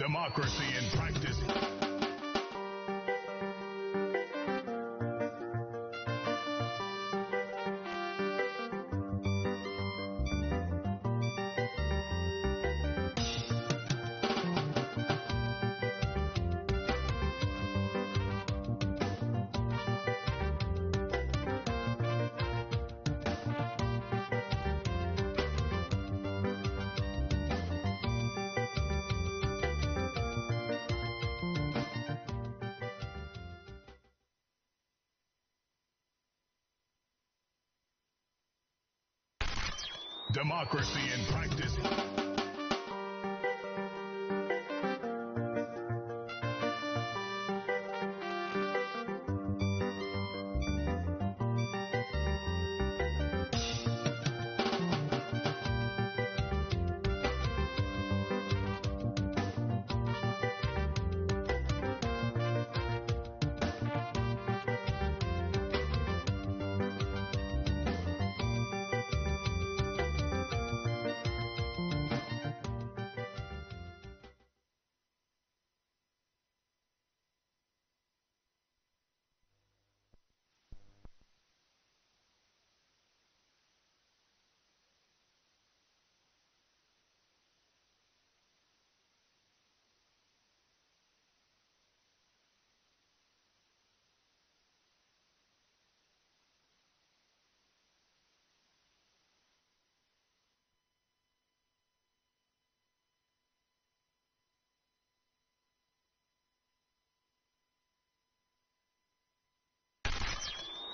democracy in practice.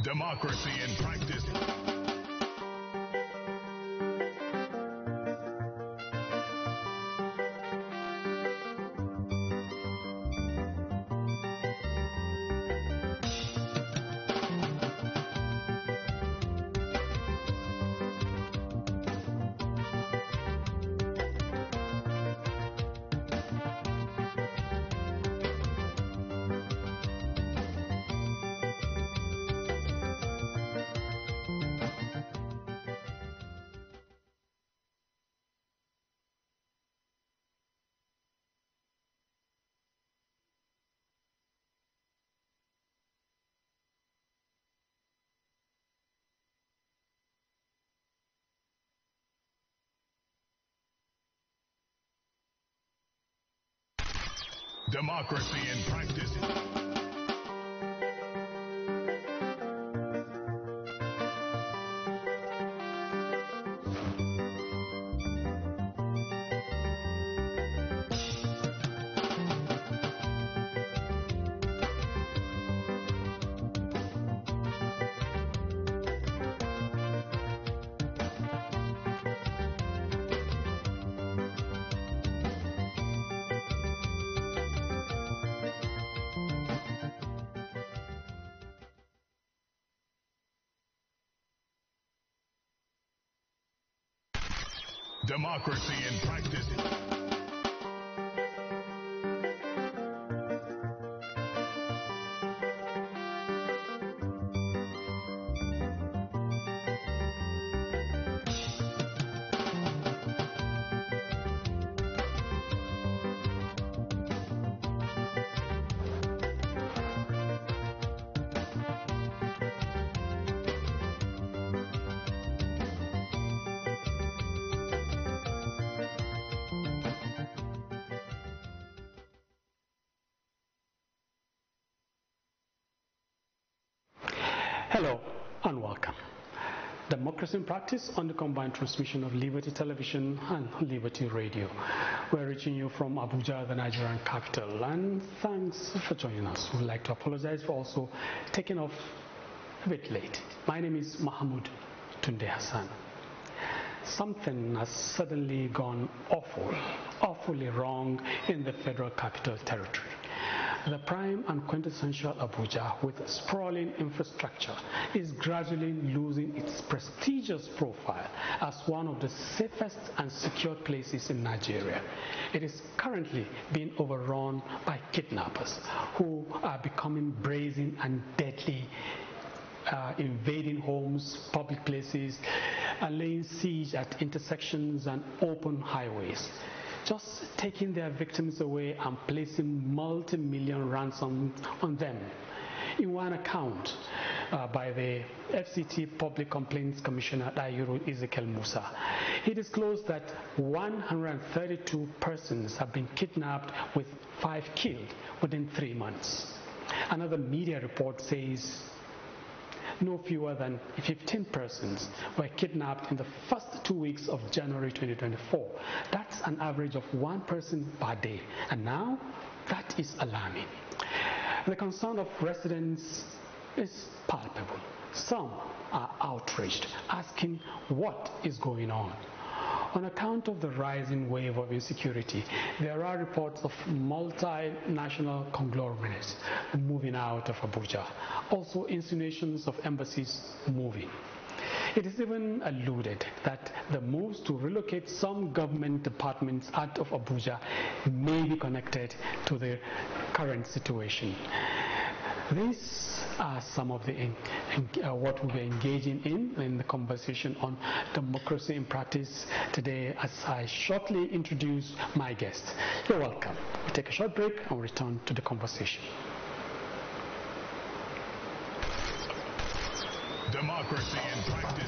Democracy in Practice. democracy in practice. democracy and democracy in practice on the combined transmission of Liberty Television and Liberty Radio. We're reaching you from Abuja, the Nigerian capital, and thanks for joining us. We'd like to apologize for also taking off a bit late. My name is Mahmoud Tunde Hassan. Something has suddenly gone awful, awfully wrong in the Federal Capital Territory the prime and quintessential Abuja with sprawling infrastructure is gradually losing its prestigious profile as one of the safest and secured places in Nigeria. It is currently being overrun by kidnappers who are becoming brazen and deadly uh, invading homes, public places, and laying siege at intersections and open highways just taking their victims away and placing multi-million ransom on them. In one account uh, by the FCT Public Complaints Commissioner Dayuru Ezekiel Musa, he disclosed that 132 persons have been kidnapped with five killed within three months. Another media report says no fewer than 15 persons were kidnapped in the first two weeks of January 2024. That's an average of one person per day. And now that is alarming. The concern of residents is palpable. Some are outraged, asking what is going on on account of the rising wave of insecurity. There are reports of multinational conglomerates moving out of Abuja, also insinuations of embassies moving. It is even alluded that the moves to relocate some government departments out of Abuja may be connected to the current situation. This are some of the uh, what we were engaging in in the conversation on democracy in practice today as I shortly introduce my guest. You're welcome. We'll take a short break and we'll return to the conversation. Democracy in practice.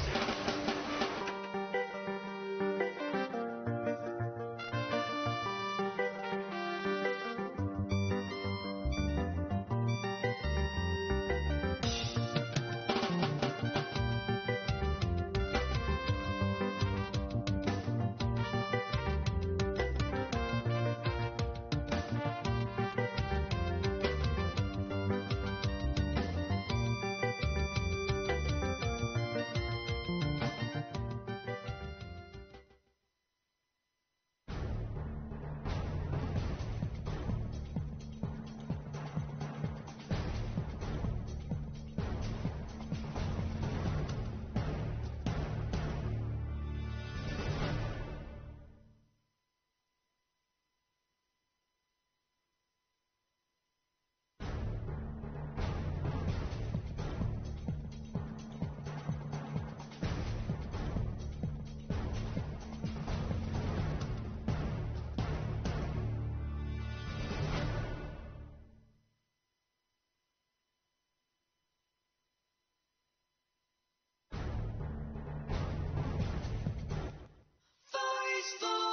peaceful.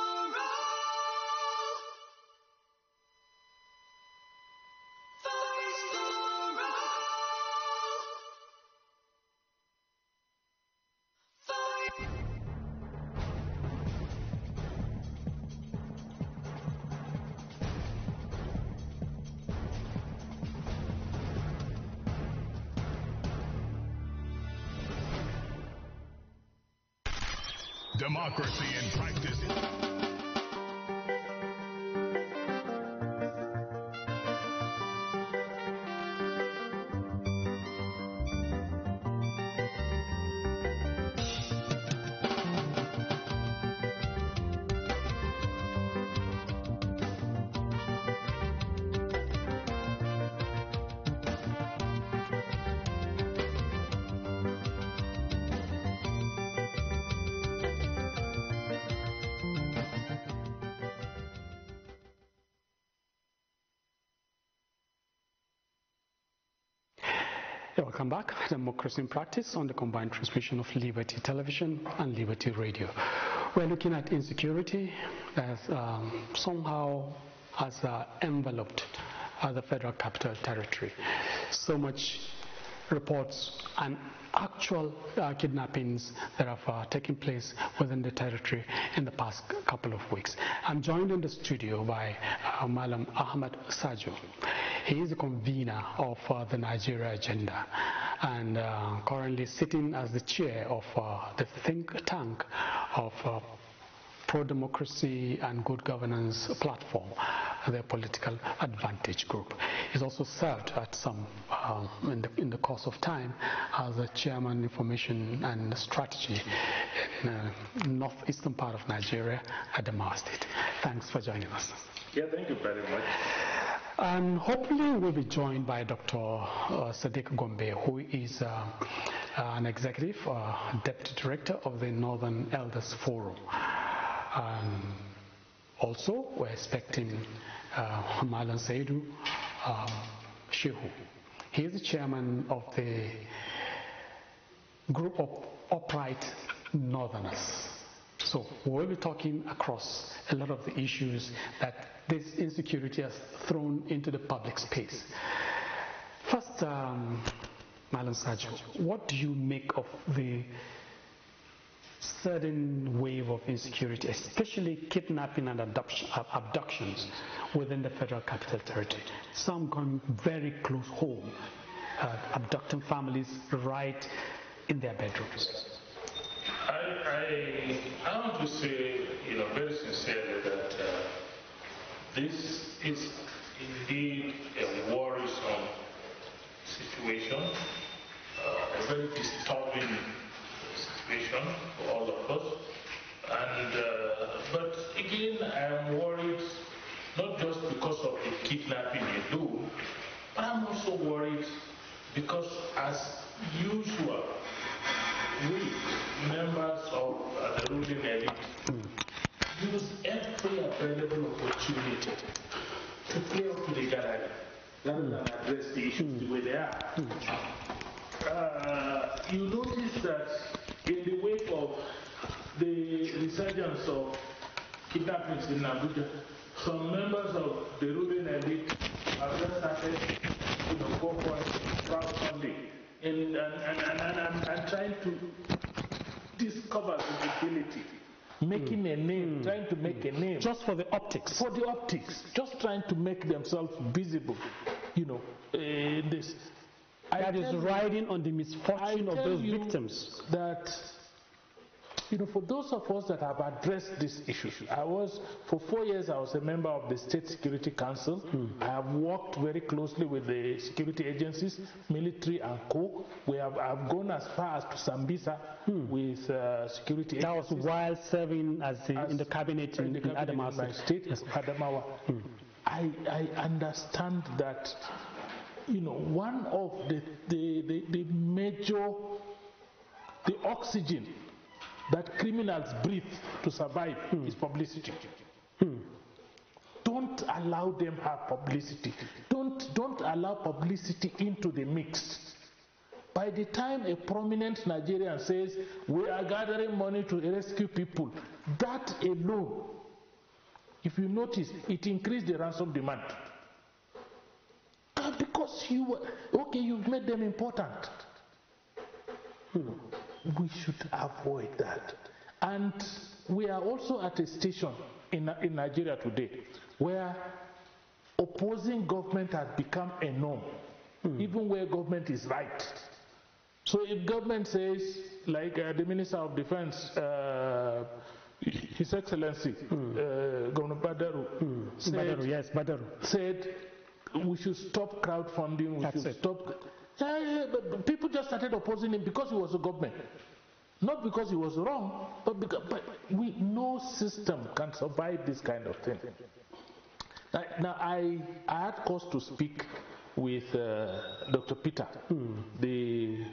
democracy in practice. democracy in practice on the combined transmission of Liberty Television and Liberty Radio. We're looking at insecurity as um, somehow as uh, enveloped as uh, the federal capital territory. So much reports and actual uh, kidnappings that have uh, taken place within the territory in the past couple of weeks. I'm joined in the studio by uh, Malam Ahmad Sajo. He is the convener of uh, the Nigeria Agenda and uh, currently sitting as the chair of uh, the think tank of uh, pro-democracy and good governance platform, the political advantage group. He's also served at some, um, in, the, in the course of time, as a chairman information and strategy in the uh, northeastern part of Nigeria at the State. Thanks for joining us. Yeah, thank you very much. And hopefully we'll be joined by Dr. Uh, Sadiq Gombe, who is uh, uh, an executive uh, deputy director of the Northern Elders Forum. also, we're expecting uh, Malan Saidu um, Shehu. He is the chairman of the group of upright northerners. So we'll be talking across a lot of the issues that this insecurity has thrown into the public space. First, um, Malan Sajo, what do you make of the sudden wave of insecurity, especially kidnapping and abductions within the federal capital territory? Some come very close home, uh, abducting families right in their bedrooms. I, I, I want to say, you know, very sincerely that this is indeed a worrisome situation, uh, a very disturbing situation for all of us. And uh, but again, I am worried not just because of the kidnapping they do, but I'm also worried because, as usual, we members of the ruling elite use every available articulated to appeal to the gallery rather mm. than address the issues mm. the way they are. Hmm. Uh, you notice that in the wake of the resurgence of kidnappings in Abuja, some members of the ruling elite have just started you know, go crowdfunding and, and, and, and, and, and, trying to discover the visibility making mm. a hmm. name, mm. trying to make mm. a hmm. name. Just for the optics. For the optics, just trying to make themselves visible, you know, eh, this. I that is riding you, on the misfortune of those victims. That you know, for those of us that have addressed this issue, I was, for four years, I was a member of the State Security Council. Mm. I have worked very closely with the security agencies, military and co. We have I've gone as far as to Sambisa mm. with uh, security that agencies. That was while serving as, the, as in the cabinet in, in, the cabinet in Adamawa. In state, hmm. yes. Adamawa. Mm. I, I understand that, you know, one of the, the, the, the major, the oxygen that criminals breathe to survive mm. is publicity. Mm. Don't allow them have publicity. Don't, don't allow publicity into the mix. By the time a prominent Nigerian says, we are gathering money to rescue people, that alone, if you notice, it increased the ransom demand. Because you, okay, you've made them important. Hmm we should avoid that. And we are also at a station in, in Nigeria today where opposing government has become a norm, mm. even where government is right. So if government says, like uh, the Minister of Defense, uh, His Excellency, mm. uh, Governor Badaru, mm. said, Badaru, yes, Badaru. said we should stop crowdfunding, we That's should it. stop people just started opposing him because he was a government. Not because he was wrong, but because but we, no system can survive this kind of thing. Now, I, I had cause to speak with uh, Dr. Peter, mm. the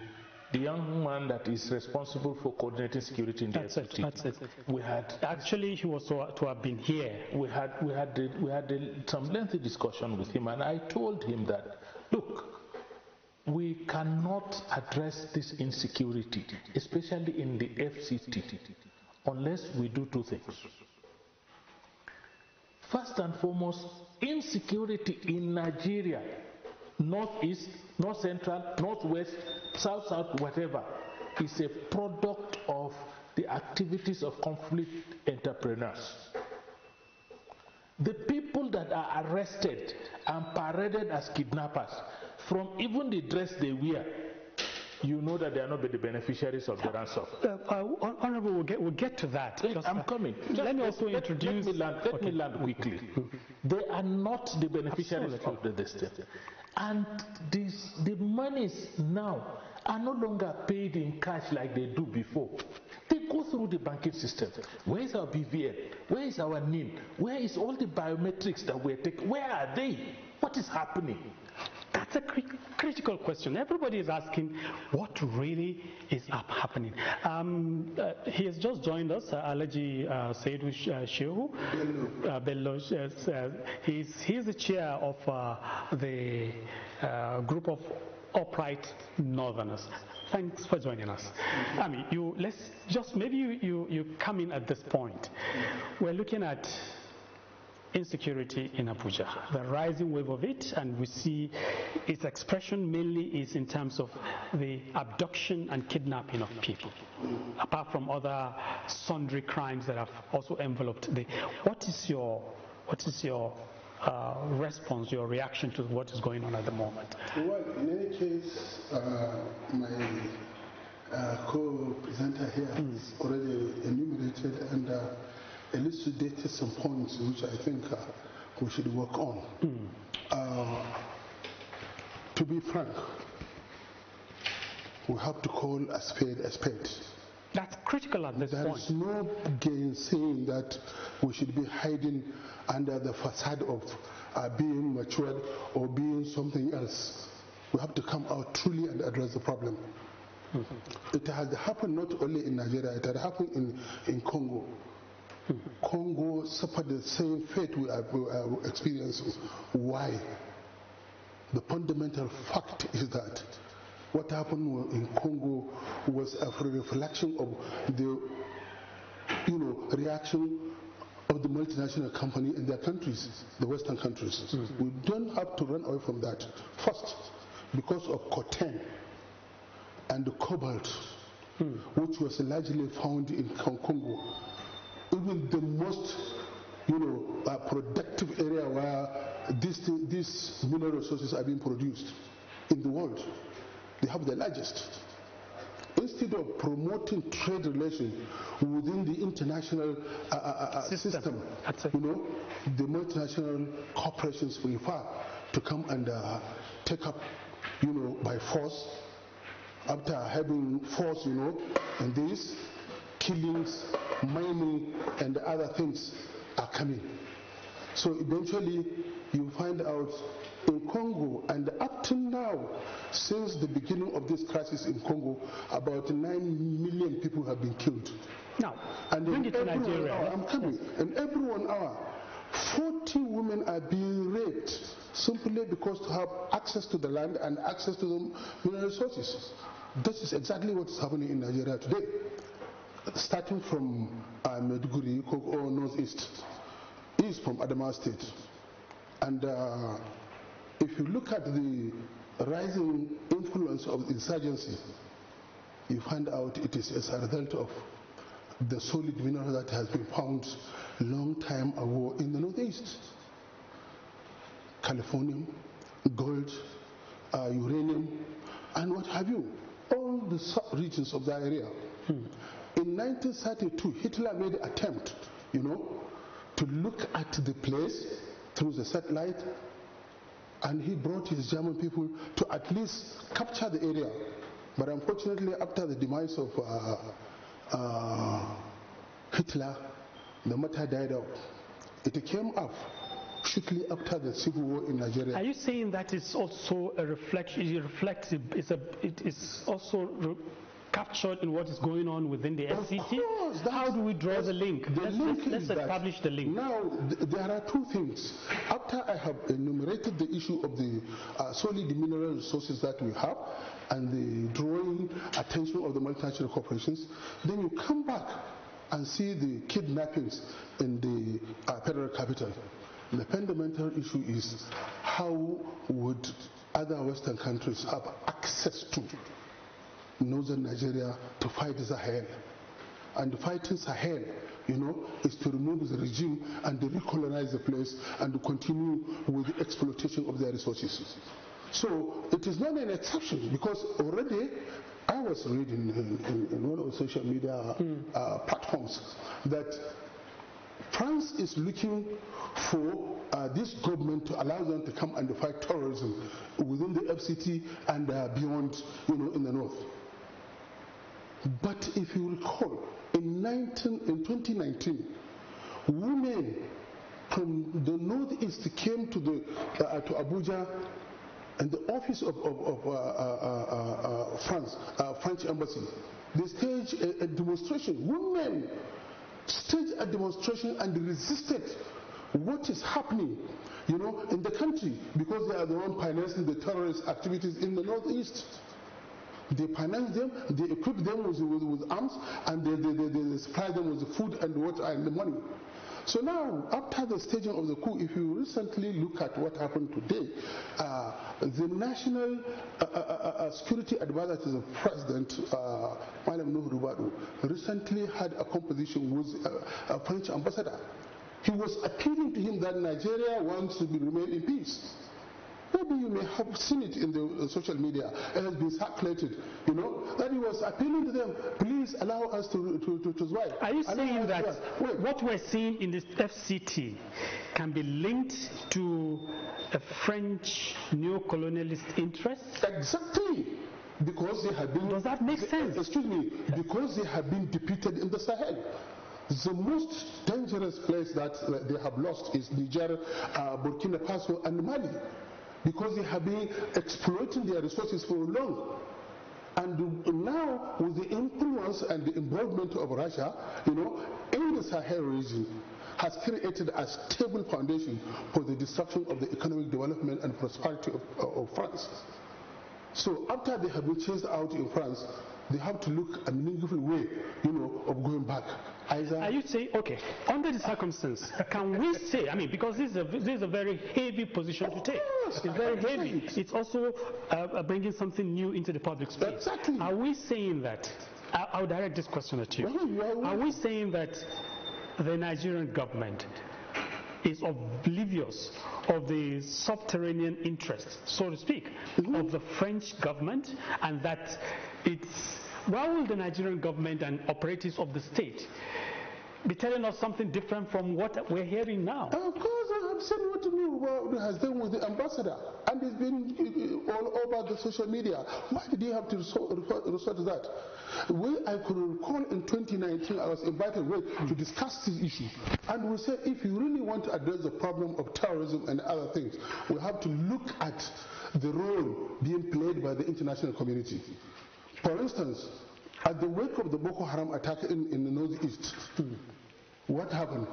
the young man that is responsible for coordinating security in the that's It, that's it. We had actually he was to, to have been here. We had we had we had some lengthy discussion with him, and I told him that look, we cannot address this insecurity, especially in the FCT, unless we do two things. First and foremost, insecurity in Nigeria, northeast, north central, northwest, south south, whatever, is a product of the activities of conflict entrepreneurs. The people that are arrested and paraded as kidnappers from even the dress they wear, you know that they are not the beneficiaries of the uh, ransom. Uh, uh, Honourable, we'll get, we'll get to that. I'm uh, coming. Just let me also let, introduce. Let me land, let okay. me land quickly. they are not the beneficiaries Absolutely. of the destiny. And this, the monies now are no longer paid in cash like they do before. They go through the banking system. Where is our BVN? Where is our NIN? Where is all the biometrics that we're taking? Where are they? What is happening? It's a critical question. Everybody is asking what really is up happening. Um, uh, he has just joined us, uh, Alaji uh, Seydou uh, Shehu. Uh, Bello, uh, he's, he's the chair of uh, the uh, group of upright northerners. Thanks for joining us. I mean, you, let's just, maybe you, you, you come in at this point. We're looking at insecurity in Abuja. The rising wave of it, and we see its expression mainly is in terms of the abduction and kidnapping of people, apart from other sundry crimes that have also enveloped the. What is your, what is your uh, response, your reaction to what is going on at the moment? Well, in any case, uh, my uh, co presenter here mm. already enumerated and elucidated some points which I think uh, we should work on. Mm. Uh, to be frank, we have to call a spade a spade. That's critical at this there point. There is no gainsaying that we should be hiding under the facade of uh, being matured or being something else. We have to come out truly and address the problem. Mm -hmm. It has happened not only in Nigeria, it has happened in, in Congo. Congo suffered the same fate we are, we are experiencing. Why? The fundamental fact is that what happened in Congo was a reflection of the you know, reaction of the multinational company in their countries, the Western countries. Mm -hmm. We don't have to run away from that. First, because of cotton and the cobalt, mm. which was largely found in Congo, even the most you know, uh, productive area where these, these mineral resources are being produced in the world. They have the largest. Instead of promoting trade relations within the international uh, uh, uh, uh system, system you know, the multinational corporations prefer to come and uh, take up, you know, by force after having force, you know, and this killings, mining, and other things are coming. So eventually you find out in Congo and up to now, since the beginning of this crisis in Congo, about 9 million people have been killed. Now, and bring it to Nigeria. Hour, I'm coming. Yes. And every one hour, 40 women are being raped simply because to have access to the land and access to the mineral resources. This is exactly what is happening in Nigeria today starting from uh, um, Meduguri or oh, northeast is from Adamawa State. And uh, if you look at the rising influence of insurgency, you find out it is as a result of the solid mineral that has been found long time ago in the northeast. Californium, gold, uh, uranium, and what have you. All the regions of the area. Hmm. In 1932, Hitler made attempt, you know, to look at the place through the satellite, and he brought his German people to at least capture the area. But unfortunately, after the demise of uh, uh, Hitler, the matter died out. It came up shortly after the civil war in Nigeria. Are you saying that it's also a reflection? It reflects. It's a. It is also captured in what is going on within the SCT? How do we draw the link? The let's, link let's, let's establish the link. Now, th there are two things. After I have enumerated the issue of the uh, solid mineral resources that we have and the drawing attention of the multinational corporations, then you come back and see the kidnappings in the uh, federal capital. The fundamental issue is how would other Western countries have access to northern Nigeria to fight Sahel. And fighting Sahel, you know, is to remove the regime and to recolonize the place and to continue with the exploitation of their resources. So it is not an exception because already I was reading in, in, in one of the social media mm. uh, hmm. platforms that France is looking for uh, this government to allow them to come and fight terrorism within the FCT and uh, beyond, you know, in the north. But if you recall, in, 19, in 2019, women from the northeast came to, the, uh, to Abuja and the office of, of, of uh, uh, uh, uh France, uh, French embassy. They staged a, a demonstration. Women staged a demonstration and resisted what is happening, you know, in the country because they are the one financing the terrorist activities in the northeast. They finance them, they equip them with, with, with arms, and they, they, they, they supply them with food and water and the money. So now, after the staging of the coup, if you recently look at what happened today, uh, the national uh, uh, uh, uh security advisor to the president, uh, Malam Nuhu recently had a conversation with uh, a French ambassador. He was appealing to him that Nigeria wants to be, remain in peace. Maybe you may have seen it in the uh, social media. It has been circulated, you know, that he was appealing to them, please allow us to, to, to, to survive. Are you allow saying that what we're seeing in this FCT can be linked to a French neo-colonialist interest? Exactly because they have been. Does that make sense? Excuse me, because they have been defeated in the Sahel. The most dangerous place that uh, they have lost is Niger, uh, Burkina Faso, and Mali because they have been exploiting their resources for long. And now, with the influence and the involvement of Russia, you know, in the Sahel region, has created a stable foundation for the destruction of the economic development and prosperity of, of France. So after they have been chased out in France, they have to look at a meaningful way, you know, of going back. Either Are you saying, okay, under the circumstance, can we say, I mean, because this is a, this is a very heavy position to take. Yes, it's very heavy. It. It's also uh, uh, bringing something new into the public space. Exactly. Are we saying that, I, I'll direct this question at you. Why? Are we saying that the Nigerian government is oblivious of the subterranean interests, so to speak, mm -hmm. of the French government, and that it's why will the Nigerian government and operatives of the state be telling us something different from what we're hearing now? And of course, I've seen what Tinubu has done with the ambassador, and it's been uh, all over the social media. Why did you have to resort to that? When I could recall in 2019, I was invited to discuss this issue, and we said if you really want to address the problem of terrorism and other things, we have to look at the role being played by the international community. For instance, at the wake of the Boko Haram attack in, in the northeast, what happened?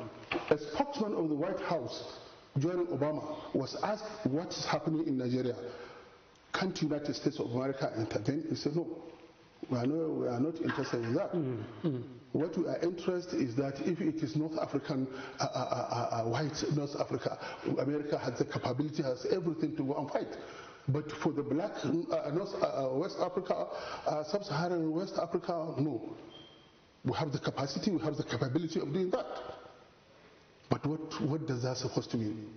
A spokesman of the White House during Obama was asked what is happening in Nigeria. Can't the United States of America intervene? He said, no, we are, no, we are not interested in that. Mm -hmm. What we are interested is that if it is North African, uh, uh, uh, uh, white North Africa, America has the capability, has everything to go and fight. But for the black uh, North, uh, uh, West Africa, uh, sub-Saharan West Africa, no. We have the capacity, we have the capability of doing that. But what, what does that supposed to mean?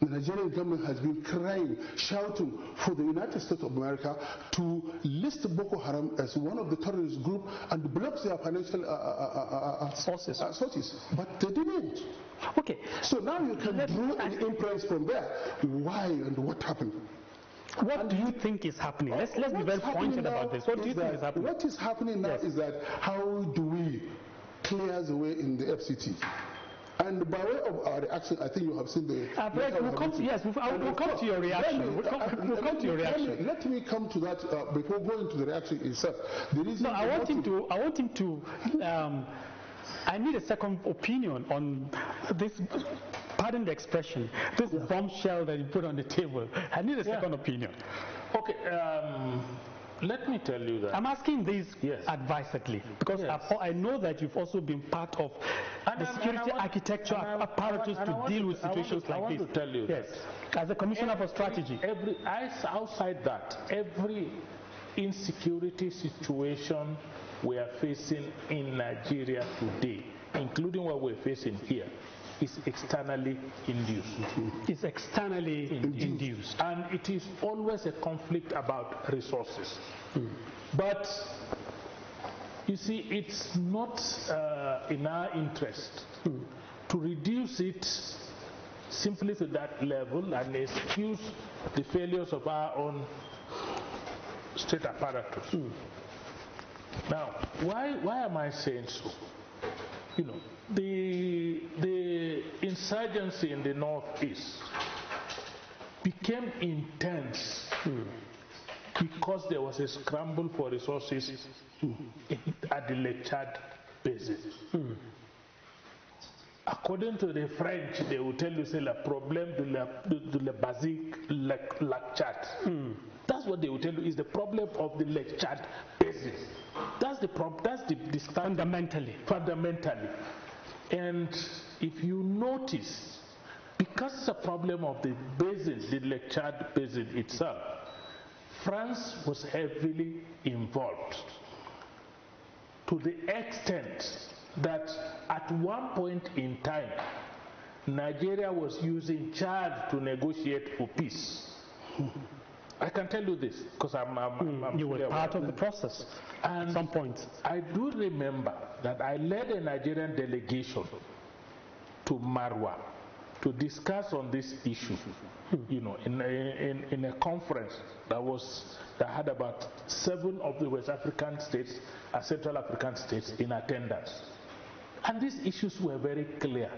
The Nigerian government has been crying, shouting for the United States of America to list Boko Haram as one of the terrorist group and block their financial uh, uh, uh, uh, uh sources. sources. But they didn't. Okay. So now you can Let draw an inference from there. Why and what happened? What do you think is happening? Let's, let's be very pointed about this. What do you that, think is happening? What is happening now yes. is that how do we clear the way in the FCT? And by way of our reaction, I think you have seen the. Uh, we'll come to, yes, we'll, we'll come to your reaction. Me, we'll come, uh, we'll come me, to your reaction. Let me, let me come to that uh, before going to the reaction itself. The reason no, I want, him to, I want him to. Um, I need a second opinion on this pardon the expression, this bombshell that you put on the table. I need a yeah. second opinion. Okay. Um, let me tell you that. I'm asking this yes. advisedly because yes. I, I know that you've also been part of and the I'm, security want, architecture I, apparatus I, to deal to, with situations to, like this. I want this. to tell you yes. That. As a commissioner every, for strategy. Every, outside that, every insecurity situation we are facing in Nigeria today, including what we're facing here, is externally induced. It's externally induced. induced. And it is always a conflict about resources. Mm. But you see, it's not uh, in our interest mm. to reduce it simply to that level and excuse the failures of our own state apparatus. Mm. Now, why, why am I saying so? You know, the, the insurgency in the northeast became intense mm. because there was a scramble for resources at the lechad basis. Mm. According to the French, they will tell you, say, the problème de la, de, de la basique Chad. That's what they will tell you is the problem of the lechad basis. That's the problem, that's the, the Fundamentally. Fundamentally. And if you notice, because the problem of the basin, the Lake Chad basin itself, France was heavily involved to the extent that at one point in time, Nigeria was using Chad to negotiate for peace. I can tell you this because I'm, I'm, I'm, mm, You were part of the process and at some point. I do remember that I led a Nigerian delegation to Marwa to discuss on this issue, you know, in a, in, in a conference that was that had about seven of the West African states and Central African states in attendance, and these issues were very clear,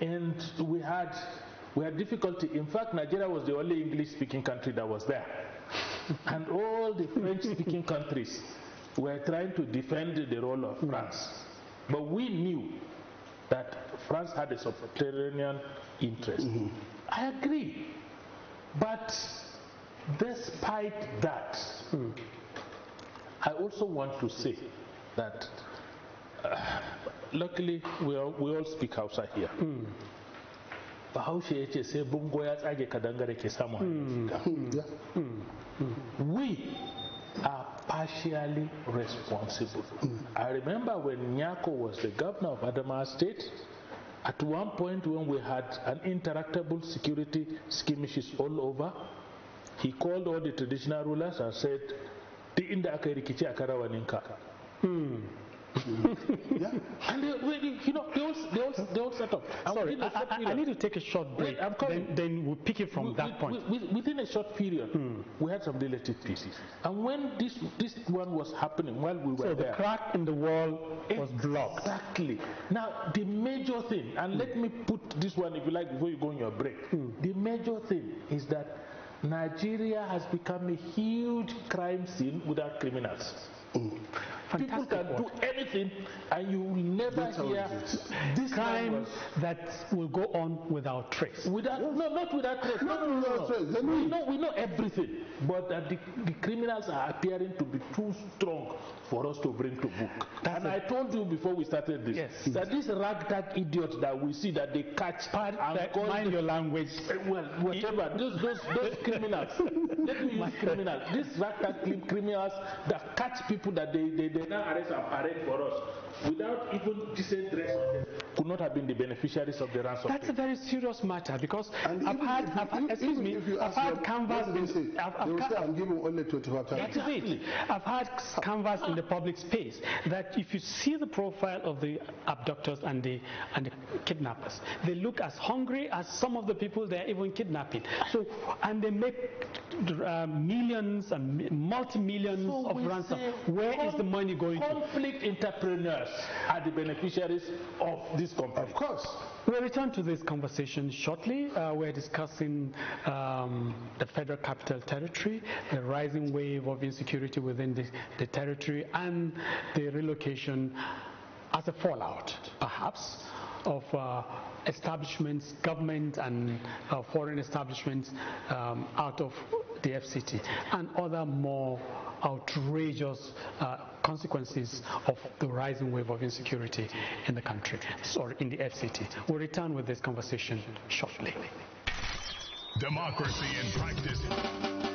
and we had we had difficulty. In fact, Nigeria was the only English-speaking country that was there, and all the French-speaking countries were trying to defend the role of France. But we knew that France had a subterranean interest. Mm. I agree. But despite that, mm. I also want to say that uh, luckily we all, we all speak Hausa here. Mm. bahaushe ya ce sai bungo ya tsage kadangare ke mm. Mm. we are partially responsible. Mm. I remember when Nyako was the governor of Adamawa State, at one point when we had an interactable security skirmishes all over, he called all the traditional rulers and said, "The inda aka rikici yeah. And they, they, you know, they all, they all, they all set up. Sorry, I, I, I, need to take a short break. Wait, Then, then we'll pick it from that point. within a short period, hmm. we had some related pieces. And when this this one was happening, while we were so there, the crack in the wall exactly. was blocked. Exactly. Now the major thing, and let me put this one, if you like, before you go on your break. Hmm. The major thing is that Nigeria has become a huge crime scene without criminals. Oh. Fantastic people can do anything, and you will never hear this crime that will go on without trace. Without yes. no, not without trace. Not no, without no. trace. we know we know everything, but the, the criminals are appearing to be too strong for us to bring to book. That's and I told you before we started this yes. that this ragtag idiot that we see that they catch Part and that, mind your language. Eh, well, whatever those those those criminals. Let me use criminals. These ragtag criminals that catch people that they they the now arrest and parade for us without even decent dress could not have been the beneficiaries of the ransom. That's pay. a very serious matter because and I've had, I've, excuse me, I've had canvas. In, I've, I've ca- I'm giving only 25 times. That's it. I've had canvas in the public space that if you see the profile of the abductors and the and the kidnappers, they look as hungry as some of the people they're even kidnapping. So and they make uh, millions and multi millions so of ransom. Where is the money going conflict to? Conflict entrepreneurs are the beneficiaries of this company. Of course. We'll return to this conversation shortly. Uh, we're discussing um, the federal capital territory, the rising wave of insecurity within the, the territory, and the relocation as a fallout, perhaps, of uh, establishments, government and uh, foreign establishments um, out of the FCT and other more outrageous uh, consequences of the rising wave of insecurity in the country or in the FCT. We'll return with this conversation shortly. Democracy in practice.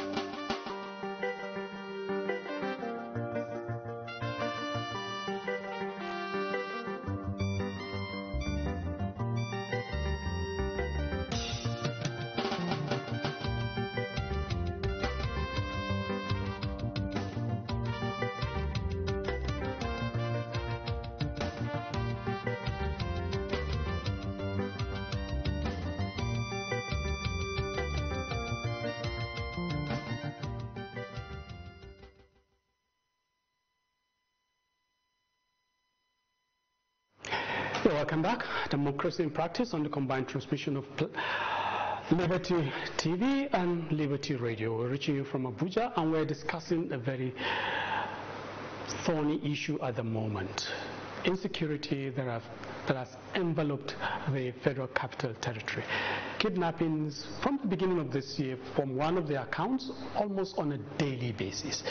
Democracy in Practice on the combined transmission of Liberty TV and Liberty Radio. We're reaching you from Abuja and we're discussing a very thorny issue at the moment. Insecurity that, have, that has enveloped the federal capital territory kidnappings from the beginning of this year from one of the accounts almost on a daily basis.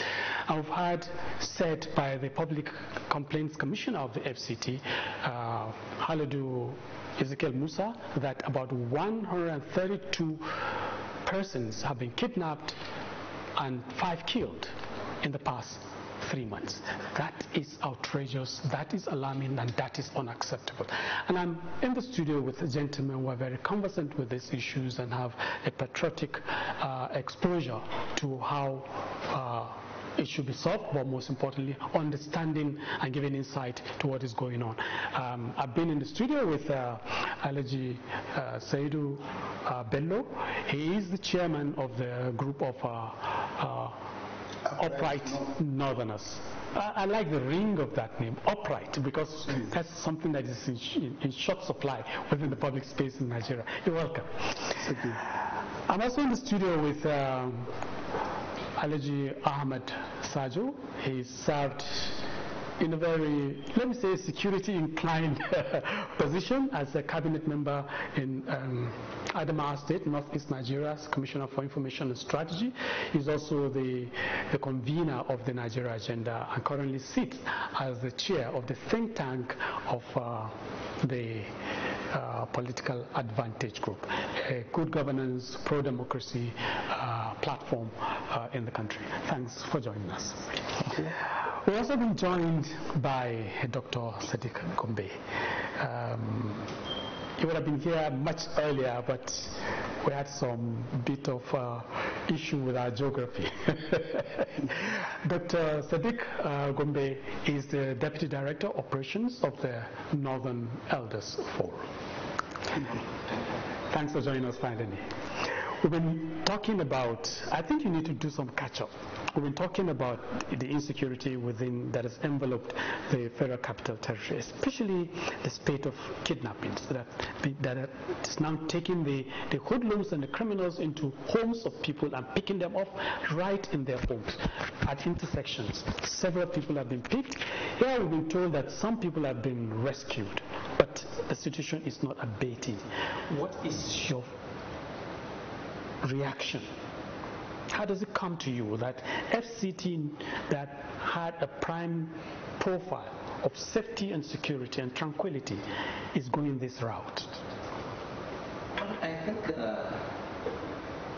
I've heard said by the Public Complaints Commissioner of the FCT, uh, Haladu Ezekiel Musa, that about 132 persons have been kidnapped and five killed in the past three months. That is outrageous, that is alarming, and that is unacceptable. And I'm in the studio with gentlemen who are very conversant with these issues and have a patriotic uh, exposure to how. Uh, it should be solved, but most importantly, understanding and giving insight to what is going on. Um, I've been in the studio with uh, Alaji uh, Saidu uh, Bello. He is the chairman of the group of uh, uh upright northerners. I, I, like the ring of that name, upright, because that's something that is in, in short supply within the public space in Nigeria. You're welcome. I'm also in the studio with um, Alaji Ahmed Sajo. He served in a very, let me say, security inclined position as a cabinet member in um, Adamawa State, Northeast Nigeria's Commissioner for Information and Strategy. He's also the, the convener of the Nigeria Agenda and currently sits as the chair of the think tank of uh, the uh, Political Advantage Group, a good governance, pro democracy uh, platform uh, in the country. Thanks for joining us. We've also been joined by Dr. Sadiq Kombe. Um, he would have been here much earlier, but we had some bit of uh, issue with our geography. Dr. Sadiq uh, Gombe is the Deputy Director Operations of the Northern Elders Forum. Thanks for joining us finally. We've been talking about, I think you need to do some catch up. We've been talking about the insecurity within that has enveloped the federal capital territory, especially the spate of kidnappings that, that is now taking the, the hoodlums and the criminals into homes of people and picking them up right in their homes at intersections. Several people have been picked. Here we've been told that some people have been rescued, but the situation is not abating. What is your reaction? How does it come to you that FCT that had a prime profile of safety and security and tranquility is going this route? I think uh,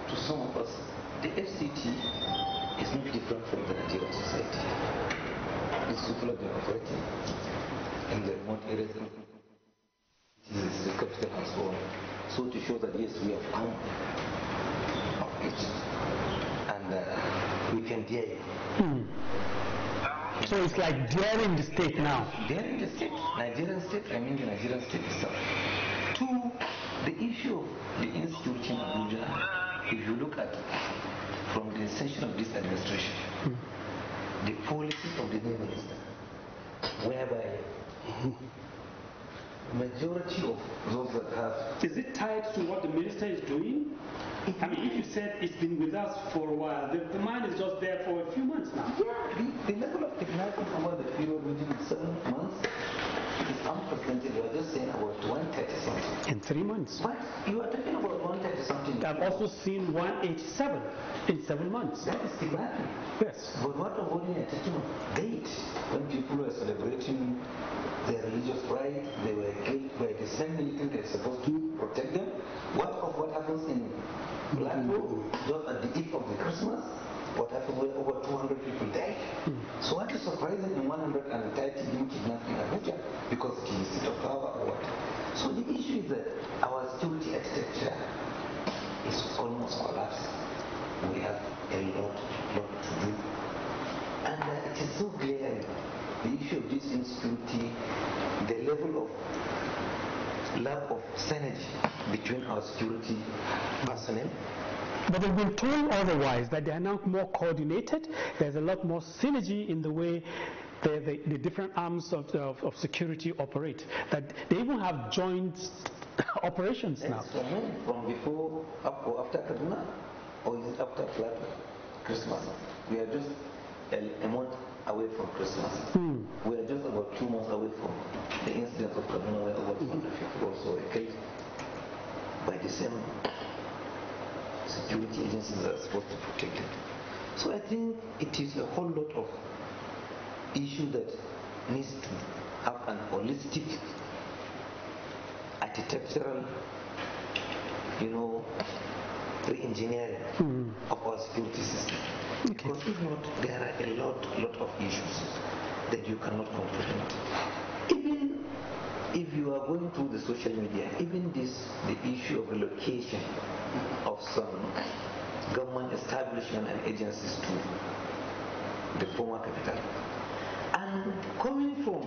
to some of us, the FCT is not different from the Nigerian society. It's people have operating in the remote areas, is the capital and so on. So to show that yes, we have come package and uh, we can dare hmm. So it's like daring the state now. Daring the state, Nigerian state, I mean the Nigerian state itself. Two, the issue of the institution of Abuja, if you look at from the inception of this administration, hmm. the policies of the new minister, whereby hmm majority of those that have. Is it tied to what the minister is doing? I mean, if you said it's been with us for a while, the, the mine is just there for a few months now. Yeah, the, the level of technology over the period within seven months unfortunately, we are just saying about 130 something. In three months. But you are talking about 130 something. I've also seen 187 in seven months. That is kidnapping. Yes. But what of holding a date when people were celebrating their religious right, they were killed by the same military they supposed to protect them? What of what happens in Blackpool, just at the eve of the Christmas? what happened when over 200 people died. Mm. So what is surprising in 130 new in Abuja because it is seat of power or what? So the issue is that our security architecture is almost collapsed. We have a lot, lot to do. And uh, it is so clear The issue of this insecurity, the level of lack of synergy between our security personnel but they've been told otherwise, that they are now more coordinated, there's a lot more synergy in the way the, the, the, different arms of, of, of, security operate. That they even have joint operations and now. From before, up or after Kaduna, or is it after Christmas? We are just a, a month away from Christmas. Hmm. We are just about two months away from the incident of Kaduna, where about 150 or so a case by December security agencies are supposed to protect it. So I think it is a whole lot of issue that needs to have an holistic architectural, you know, re-engineering mm. of our security system. Okay. Because if not, there are a lot, lot of issues that you cannot comprehend are going through the social media, even this, the issue of relocation of some government establishment and agencies to the former capital. And coming from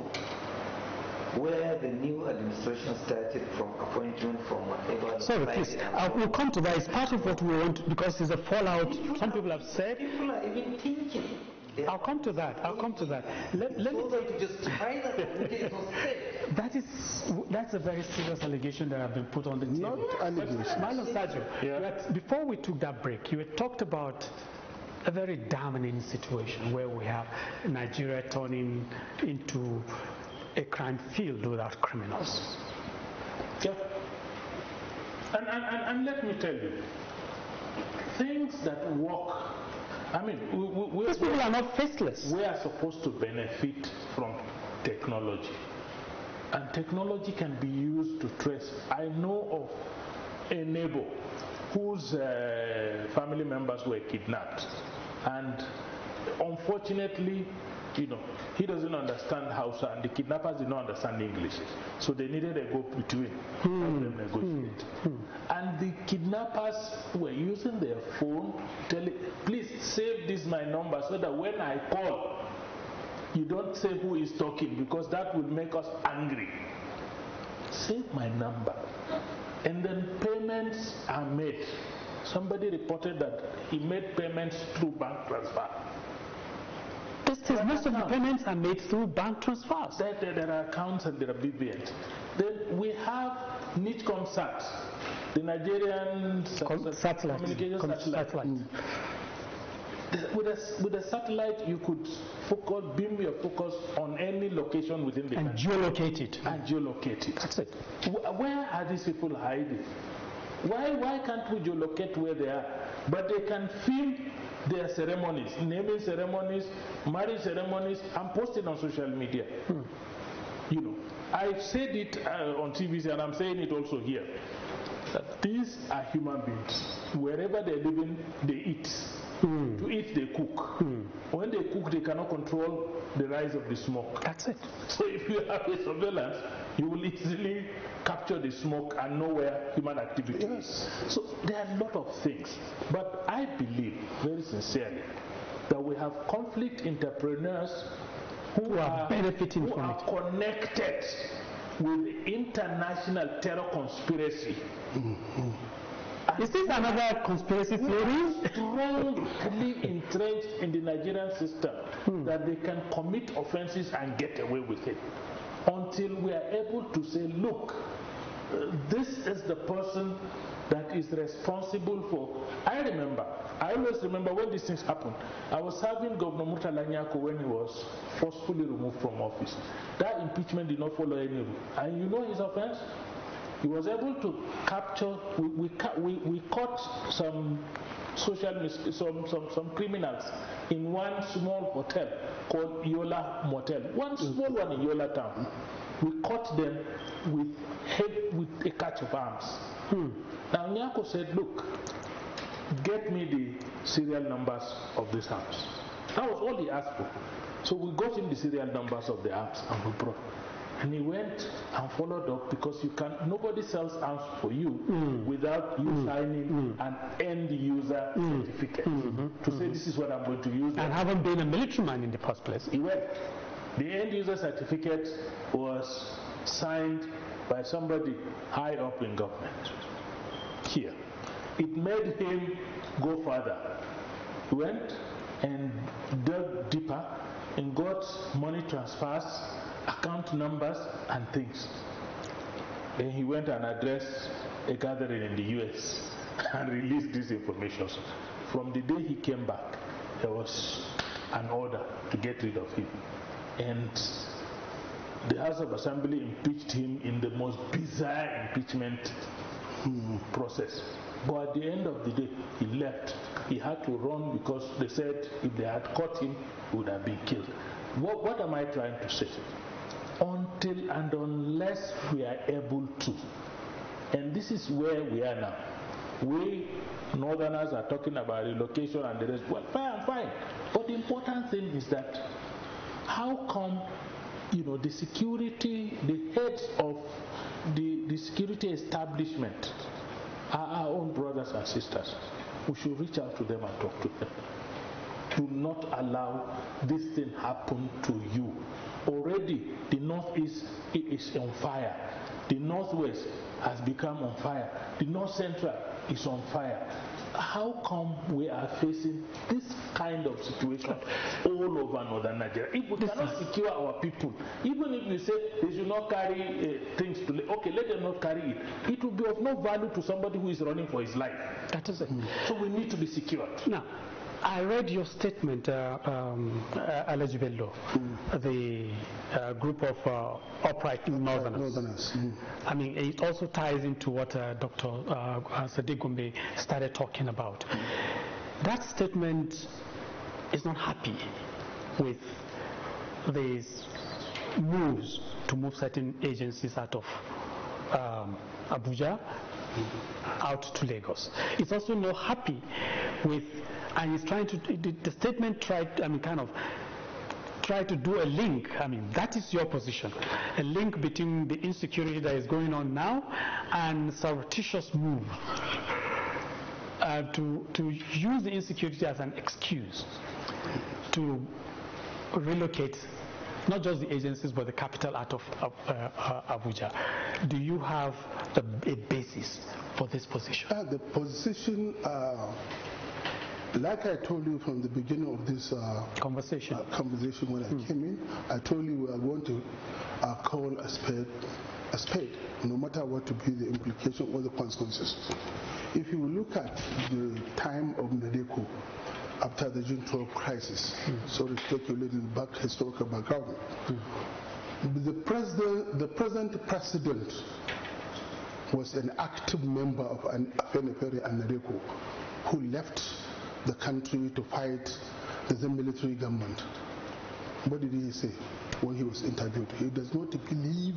where the new administration started from appointment from whatever. Sorry, please. Uh, we'll come to that. It's part of what we want because it's a fallout. Some people have said. People are even thinking I'll come to that. I'll come to that. Let, let me take, just that is that's a very serious allegation that have been put on the table. Not allegation. Marlon Sergio, yeah. before we took that break, you had talked about a very damning situation where we have Nigeria turning into a crime field without criminals. Yeah. And, and, and, and let me tell you, things that work I mean, we, we, these people are not faceless. We are supposed to benefit from technology, and technology can be used to trace. I know of a neighbor whose uh, family members were kidnapped, and unfortunately, you know, he doesn't understand Hausa and the kidnappers did not understand English. So they needed a go between mm. and negotiate. Mm. And the kidnappers were using their phone, telling, please save this my number so that when I call, you don't say who is talking because that would make us angry. Save my number. And then payments are made. Somebody reported that he made payments through bank transfer says most of the payments are made through bank transfers. There, there, there are accounts and there are BVNs. Then we have niche SAT, the Nigerian Com- satellite. communication Com- satellite. satellite. Mm. With a, with a satellite, you could focus, beam your focus on any location within the and country. geolocate it. And geolocate it. That's it. Where are these people hiding? Why, why can't we geolocate where they are? But they can film their ceremonies, naming ceremonies, marriage ceremonies, and posting on social media. Hmm. You know, I've said it uh, on TV and I'm saying it also here. That these are human beings. Wherever they're living, they eat. Mm. To eat, they cook. Mm. When they cook, they cannot control the rise of the smoke. That's it. So if you have a surveillance, you will easily capture the smoke and know where human activity yes. is. So there are a lot of things. But I believe very sincerely that we have conflict entrepreneurs who, who are, are, benefiting who from are it. connected with international terror conspiracy. Mm-hmm. Is this another conspiracy theory? strongly entrenched in the Nigerian system hmm. that they can commit offenses and get away with it until we are able to say, look, uh, this is the person that is responsible for. I remember, I always remember when these things happened. I was serving Governor Murtala when he was forcefully removed from office. That impeachment did not follow any rule. And you know his offense? He was able to capture, we, we, we, we caught some social, some, some, some criminals in one small hotel called Yola Motel, one mm. small one in Yola town. We caught them with, head, with a catch of arms. Hmm. Now Nyako said, look, get me the serial numbers of this house. That was all he asked for. So we got him the serial numbers of the arms and we brought and he went and followed up because you can nobody sells arms for you mm. without you mm. signing mm. an end user mm. certificate -hmm. to say mm-hmm. this is what I'm going to use. And haven't been a military man in the first place. He went. The end user certificate was signed by somebody high up in government here. It made him go further. He went and dug deeper and got money transfers account numbers and things. Then he went and addressed a gathering in the US and released these information. From the day he came back, there was an order to get rid of him. And the House of Assembly impeached him in the most bizarre impeachment hmm, process. But at the end of the day, he left. He had to run because they said if they had caught him, he would have been killed. What, what am I trying to say? until and unless we are able to. And this is where we are now. We northerners are talking about relocation and the rest. Well, fine, fine. But the important thing is that how come you know the security, the heads of the, the security establishment are our own brothers and sisters. We should reach out to them and talk to them. Do not allow this thing happen to you. Already, the northeast is on fire. The northwest has become on fire. The north central is on fire. How come we are facing this kind of situation all over northern Nigeria? If we cannot secure our people, even if you say they should not carry uh, things to, okay, let them not carry it. It will be of no value to somebody who is running for his life. That is it. So we need to be secured. Now, I read your statement, uh, um, uh, hmm. the uh, group of uh, upright northerners. northerners. Mm. I mean, it also ties into what uh, Dr. Uh, uh, Sadiq started talking about. Mm. That statement is not happy with these moves to move certain agencies out of um, Abuja hmm. out to Lagos. It's also not happy with and he's trying to the statement tried I mean kind of try to do a link I mean that is your position a link between the insecurity that is going on now and surreptitious move uh, to, to use the insecurity as an excuse to relocate not just the agencies but the capital out of uh, uh, Abuja. Do you have a, a, basis for this position? Uh, the position uh, like I told you from the beginning of this uh, conversation, uh, conversation when I mm. came in, I told you I want to uh, call a spade a spade, no matter what to be the implication or the consequences. If you look at the time of Nadeko after the June 12 crisis, mm. sorry, speculating back historical background, mm. the president, the present president, was an active member of an Afenifere and Nadeko who left the country to fight the military government. What did he say when he was interviewed? He does not believe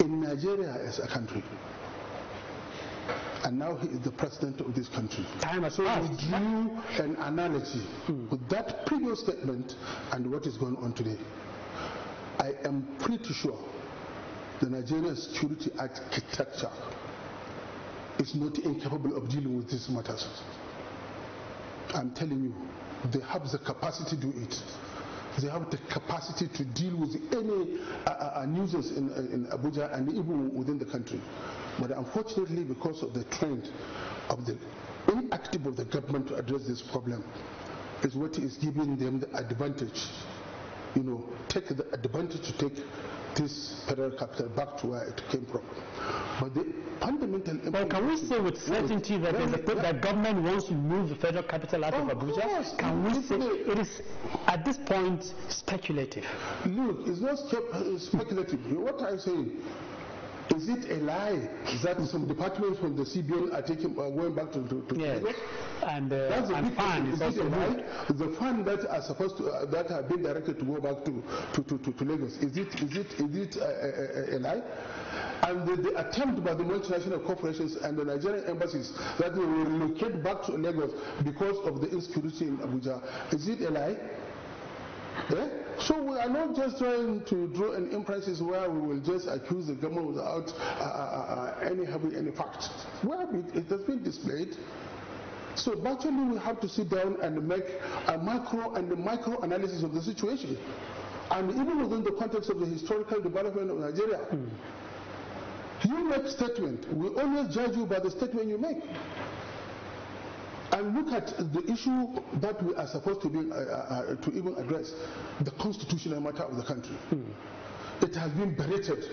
in Nigeria as a country. And now he is the president of this country. Time has so ah, drew an analogy with that previous statement and what is going on today. I am pretty sure the Nigerian Security Architecture is not incapable of dealing with these matters. I'm telling you, they have the capacity to do it. They have the capacity to deal with any uh, uh, uh nuisance in, uh, in Abuja and even within the country. But unfortunately, because of the trend of the inactive of the government to address this problem, is what is giving them the advantage. You know, take the advantage to take this federal capital back to where it came from. But the fundamental... Well, can we say with certainty that, the that government wants to move the federal capital out of, of Abuja? Course. Can we say it is, at this point, speculative? Look, it's not speculative. What I'm saying, is it a lie that some departments from the CBN are taking are uh, going back to, to, to yes. And, uh, That's and fund is, is it a lie? The fund that are supposed to uh, that have been directed to go back to to, to, to, to Lagos is it is it is it a, a, a, a lie? And the, the, attempt by the multinational corporations and the Nigerian embassies that they will relocate back to Lagos because of the insecurity in Abuja is it a lie? Yeah? So we are not just trying to draw an inferences where we will just accuse the government without uh, uh, uh, uh any having any facts. Where it has been displayed, so virtually we have to sit down and make a macro and a micro analysis of the situation. And even within the context of the historical development of Nigeria, mm. you make statement. We always judge you by the statement you make and look at the issue that we are supposed to, be, uh, uh, uh to even address the constitutional matter of the country. Mm. It has been berated.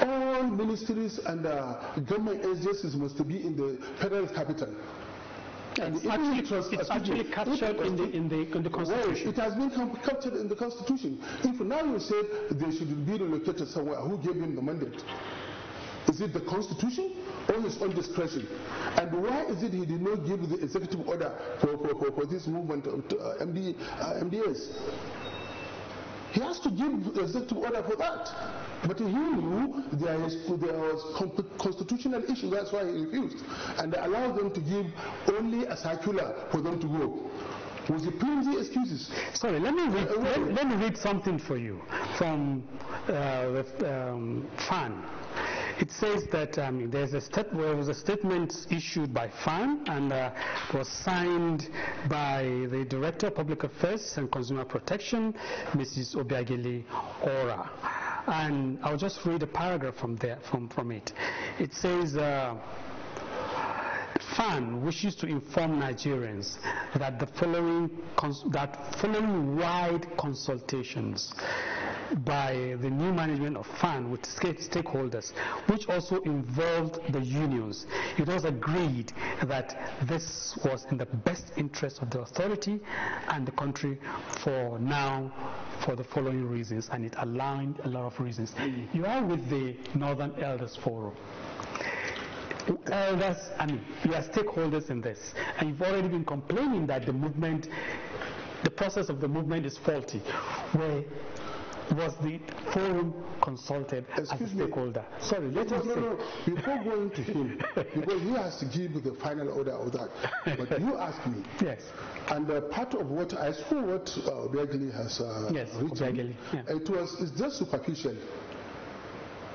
All ministries and uh, government agencies must be in the federal capital. it's, actually, it's actually, captured in, the, in, the, in the Constitution. Well, it has been captured in the Constitution. If now you said they should be relocated somewhere, who gave him the mandate? Is it the Constitution or his own discretion? And why is it he did not give the executive order for, for, for, for this movement of uh, MD, uh, MDS? He has to give the executive order for that. But he knew there, is, there was constitutional issue, that's why he refused. And they allowed them to give only a circular for them to go with the excuses. Sorry, let me read, uh, let, let, me read something for you from uh, the um, fan it says that um, there's a there was a statement issued by FAN and uh, was signed by the Director of Public Affairs and Consumer Protection, Mrs. Obiageli Ora. And I'll just read a paragraph from there from, from it. It says. Uh, FAN wishes to inform Nigerians that the following cons- that following wide consultations by the new management of FAN with stakeholders, which also involved the unions. It was agreed that this was in the best interest of the authority and the country for now for the following reasons, and it aligned a lot of reasons. You are with the Northern Elders Forum elders, I mean, you are stakeholders in this. And you've already been complaining that the movement, the process of the movement is faulty. Well, was the forum consulted Excuse as a stakeholder? Me. Sorry, let no, us no, no, no. Before going to him, because he has to give the final order of that. But you asked me. Yes. And uh, part of what I saw what uh, has uh, yes, written, yeah. it was it's just superficial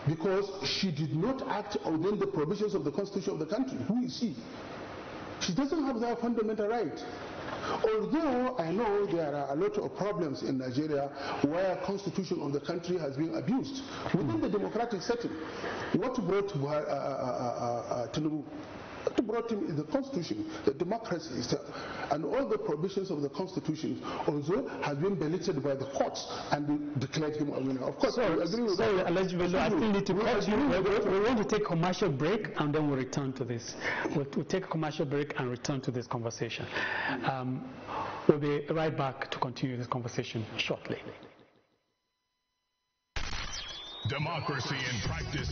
because she did not act within the provisions of the constitution of the country. Who is she? She doesn't have that fundamental right. Although I know there are a lot of problems in Nigeria where constitution of the country has been abused within the democratic setting. What brought uh uh, uh, uh, uh, Tinubu what brought him is the constitution, the democracy itself. And all the provisions of the constitution also has been belittled by the courts and declared him a winner. Of course, so, agree with sorry, that. Alleged Bello, I still need to cut you. We, want to take a commercial break and then we'll return to this. We'll, we'll take a commercial break and return to this conversation. Um, we'll be right back to continue this conversation shortly. Democracy in practice.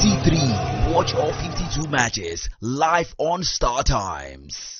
53. Watch all 52 matches live on Star Times.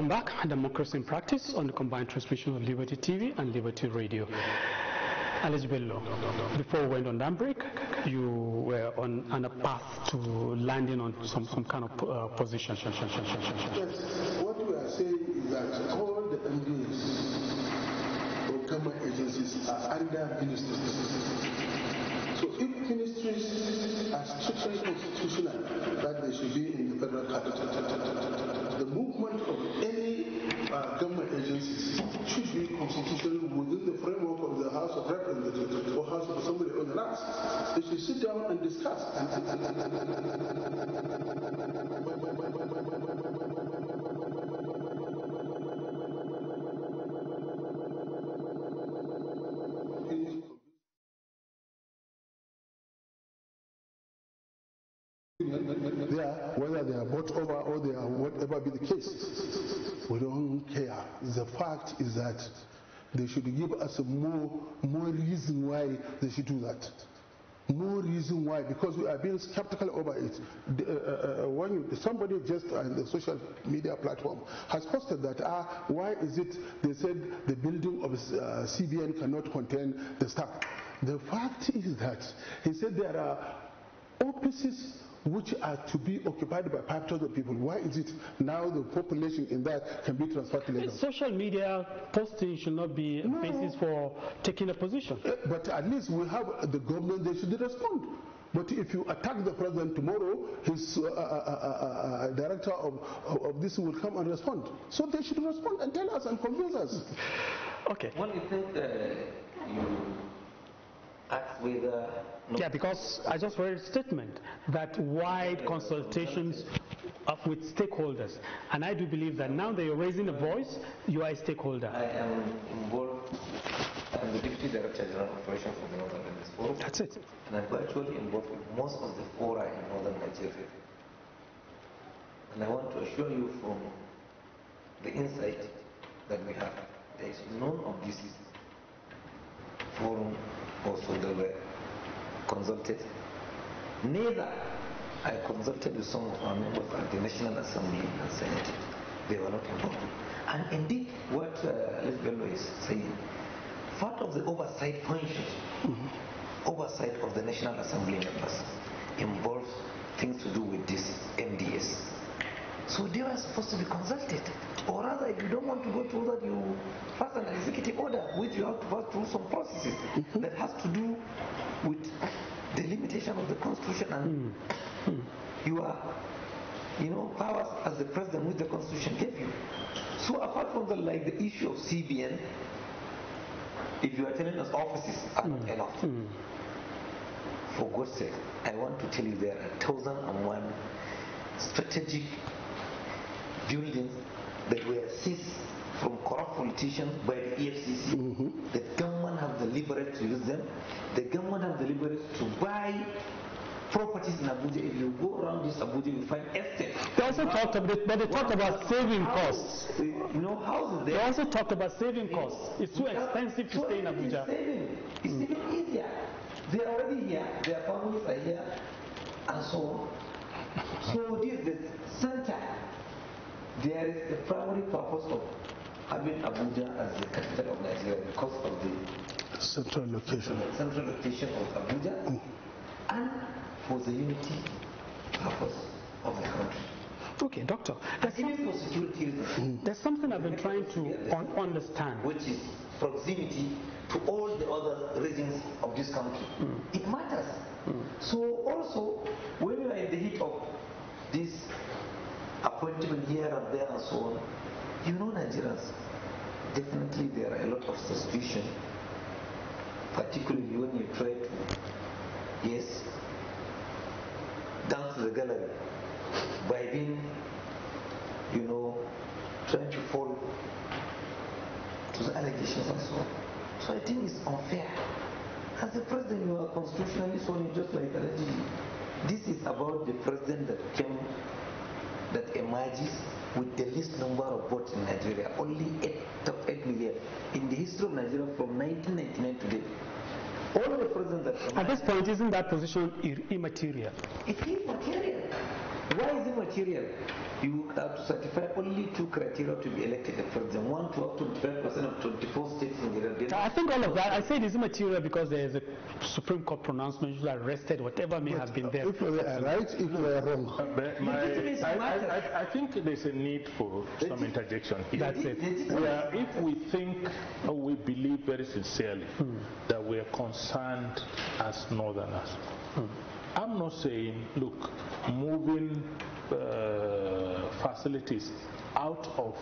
Welcome back, Democracy in Practice on the combined transmission of Liberty TV and Liberty Radio. Alice Bello, before we went on that break, you were on, on a path to landing on some, some kind of uh, position. Yes, what we are saying is that all the MDs or government agencies are under ministers. So if ministries are strictly constitutional, that they should be in the federal capital, the movement of constitution within the framework of the House of Representatives or House of Assembly or the last. They should sit down and discuss. There, whether they are bought over or they are whatever be the case. We don't care. The fact is that they should give us more, more reason why they should do that. More reason why, because we are being skeptical over it. The, uh, uh, uh when you, somebody just on the social media platform has posted that, ah, why is it they said the building of uh, CBN cannot contain the staff? The fact is that he said there are offices which are to be occupied by 5,000 people. Why is it now the population in that can be transferred to Lagos? Social media posting should not be no. a basis for taking a position. But at least we have the government, they should respond. But if you attack the president tomorrow, his uh, uh, uh, director of, of, this will come and respond. So they should respond and tell us and convince us. Okay. you think you act with. Uh, no yeah, because I just read a statement that wide consultations with stakeholders, and I do believe that now that you're raising a voice, you are a stakeholder. I am involved. I'm the deputy director general of operation for the Northern Business Forum. That's it. And I'm virtually involved with most of the fora in Northern Nigeria. And I want to assure you from the insight that we have, there is none of this forum also they were consulted. Neither I consulted with some of our members at the National Assembly and Senate. They were not involved. And indeed, what uh, Bello is saying, part of the oversight function, mm -hmm. oversight of the National Assembly members, involves things to do with this MDS. So they were supposed to be consulted. Or rather, if you don't want to go through that, you pass an executive order, which you have to pass through some processes mm -hmm. that has to do with the limitation of the constitution and mm. Mm. you know, powers as the president which the constitution gave you. So apart from the like the issue of CBN, if you are telling us offices are not mm. enough, mm. for God's sake, I want to tell you there are thousand and one strategic buildings that were seized from corrupt politicians by the EFCC. Mm -hmm. The government have the liberty to use them. The government have the liberty to buy properties in Abuja. If you go around this Abuja, you find estate. They also now, talked about, but they talked about saving costs. House, eh, you know, houses there. They also talked about saving costs. It's too expensive to stay in Abuja. It's, saving. it's mm. even easier. They are already here. Their families are here, and so on. So this the center there is the primary purpose of having Abuja as the capital of Nigeria because of the central location, central location of Abuja mm. and for the unity purpose of the country. Okay, doctor. There's, some, security, mm. there's something I've been trying to un understand. Which is proximity to all the other regions of this country. Mm. It matters. Mm. So also, when you are in the heat of this appointment here and there and so on. You know Nigerians, definitely there are a lot of suspicion, particularly when you try to, yes, down to the gallery by being, you know, trying to fall to the allegations and so on. So I think it's unfair. As a president, you are constitutionally sworn, just like allergy. This is about the president that came that emerges with the least number of votes in Nigeria, only 8 of 8 million in the history of Nigeria from 1999 to date. All the presidents that At this point, isn't that position immaterial? It is material. Why is it material? You have to satisfy only two criteria to be elected. For example, 1, 12, 25 percent of 24 states in the I think all of that. I say it is immaterial because there is a Supreme Court pronouncement which arrested whatever may but have been there. If we are right, if you are wrong. my, I, I, I, think there's a need for some interjection here. That's it. Yeah, if we think or we believe very sincerely hmm. that we are concerned as Northerners. Hmm I'm not saying, look, moving uh, facilities out of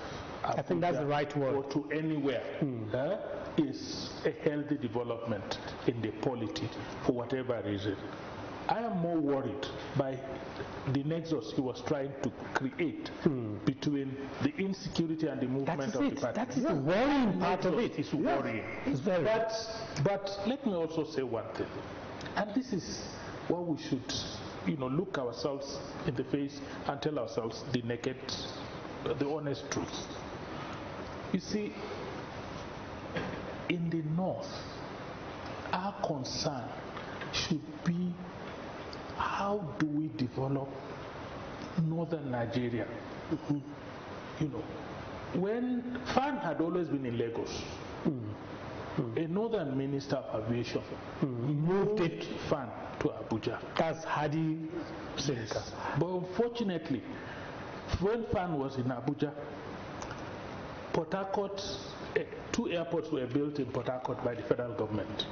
I think that's the right word. or to anywhere mm. uh, is a healthy development in the polity for whatever reason. I am more worried by the nexus he was trying to create hmm. between the insecurity and the movement of it. the party. That is the worrying part of it. It's worrying. It's very but, but let me also say one thing, and this is what we should you know look ourselves in the face and tell ourselves the naked the honest truth you see in the north our concern should be how do we develop northern Nigeria? Mm -hmm. You know, when FAN had always been in Lagos, mm a northern minister of aviation moved it fan to Abuja. That's Hadi Senka. Yes. But unfortunately, when fan was in Abuja, Port Harcourt, eh, two airports were built in Port Harcourt by the federal government.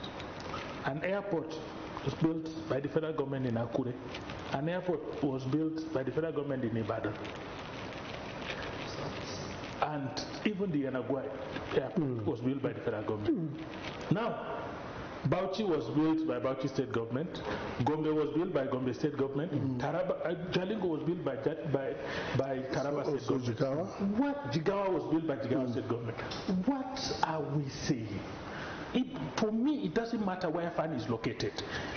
An airport was built by the federal government in Akure. An airport was built by the federal government in Ibadan and even the Yanagwai airport was built by the federal government. Now, Bauchi was built by Bauchi state government. Gombe was built by Gombe state government. Mm. Taraba, uh, Jalingo was built by by by Taraba so, state government. Jigawa? What Jigawa was built by Jigawa mm. state government. What are we saying? It, for me, it doesn't matter where FAN is located.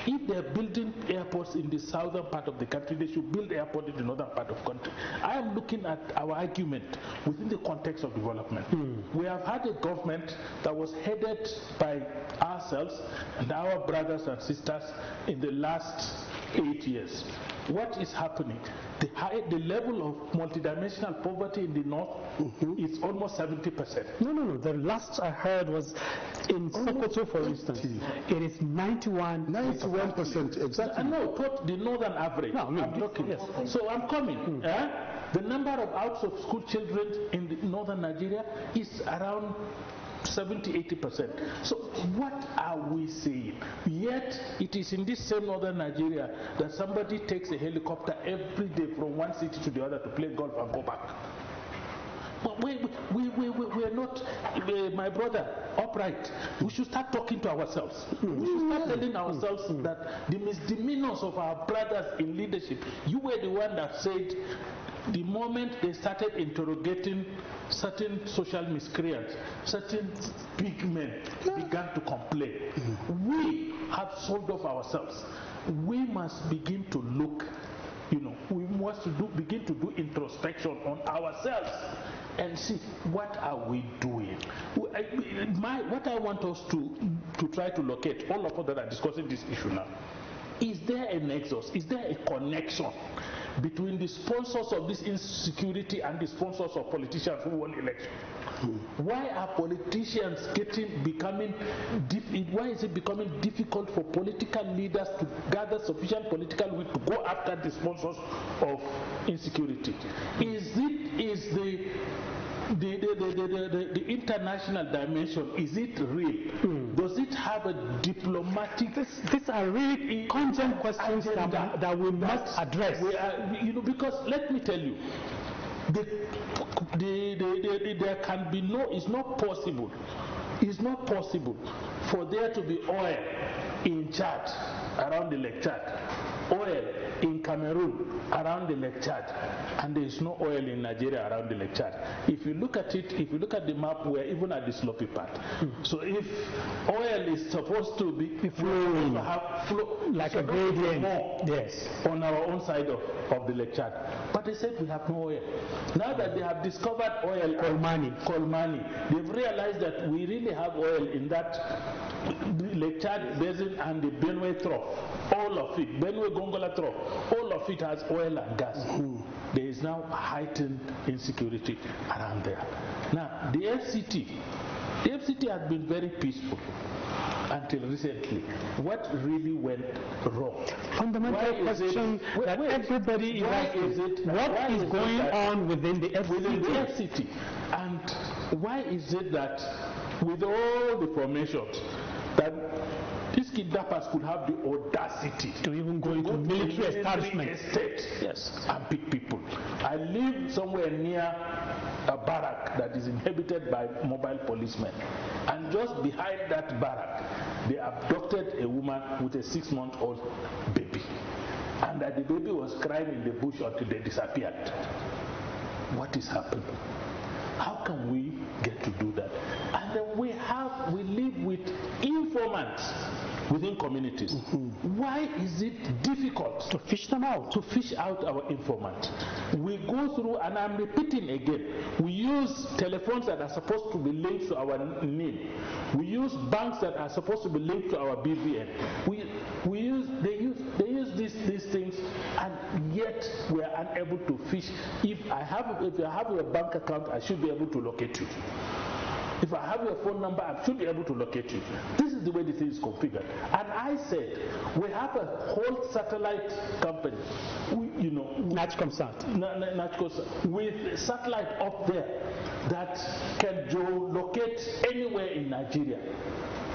If they're building airports in the southern part of the country, they should build airport in the northern part of the country. I am looking at our argument within the context of development. Mm. We have had a government that was headed by ourselves and our brothers and sisters in the last eight years. What is happening? The, high, the level of multidimensional poverty in the north mm -hmm. is almost 70%. No, no, no. The last I heard was in Sokoto, for instance, it is 91. 91%, exactly. No, Put the northern average. No, no, I'm talking. Yes. So I'm coming. Mm. Eh? The number of out of school children in northern Nigeria is around 70 80%. So, what are we saying? Yet, it is in this same northern Nigeria that somebody takes a helicopter every day from one city to the other to play golf and go back. But we, we, we, we, we are not, uh, my brother, upright. We should start talking to ourselves. We should start mm-hmm. telling ourselves mm-hmm. that the misdemeanors of our brothers in leadership, you were the one that said the moment they started interrogating certain social miscreants, certain big men began to complain. Mm We have sold off ourselves. We must begin to look, you know, we must do, begin to do introspection on ourselves and see what are we doing. My, what I want us to, to try to locate, all of us that are discussing this issue now, is there a nexus? Is there a connection between the sponsors of this insecurity and the sponsors of politicians who won election? Why are politicians getting becoming? Why is it becoming difficult for political leaders to gather sufficient political will to go after the sponsors of insecurity? Is it is the the, the, the, the, international dimension, is it real? Hmm. Does it have a diplomatic... these are really content questions that, that we must address. you know, because let me tell you, the, the, the, the, there can be no, it's not possible, it's not possible for there to be oil in Chad, around the Lake Chad, oil in Cameroon around the Lake Chad, and there is no oil in Nigeria around the Lake Chad. If you look at it, if you look at the map, we're even at the sloppy part. Mm. So if oil is supposed to be flowing, flow, like a gradient, yes, on our own side of, of the Lake Chad. But they said we have no oil. Now that they have discovered oil, Colmani, money, they've realized that we really have oil in that Lake Chad basin and the Benue Trough, all of it, Benue Gongola Trough all of it has oil and gas. Mm-hmm. There is now heightened insecurity around there. Now, the FCT, the FCT has been very peaceful until recently. What really went wrong? Fundamental why question it, that wait, everybody is asking. Is it, what is, is going on within the FCT? Within the FCT. And why is it that with all the formations that these kidnappers could have the audacity to even go to into go military establishment yes. and pick people. I live somewhere near a barrack that is inhabited by mobile policemen. And just behind that barrack, they abducted a woman with a six month old baby. And that the baby was crying in the bush until they disappeared. What is happening? How can we get to do that? we have, we live with informants within communities. Mm -hmm. Why is it difficult to fish them out? To fish out our informant. We go through, and I'm repeating again, we use telephones that are supposed to be linked to our name. We use banks that are supposed to be linked to our BVN. We, we use, they use, they use these, these things, and yet we are unable to fish. If I have, if you have your bank account, I should be able to locate you. If I have your phone number, I should be able to locate you. This is the way the thing is configured. And I said, we have a whole satellite company, we, you know, NatchComSat, with satellite up there that can locate anywhere in Nigeria.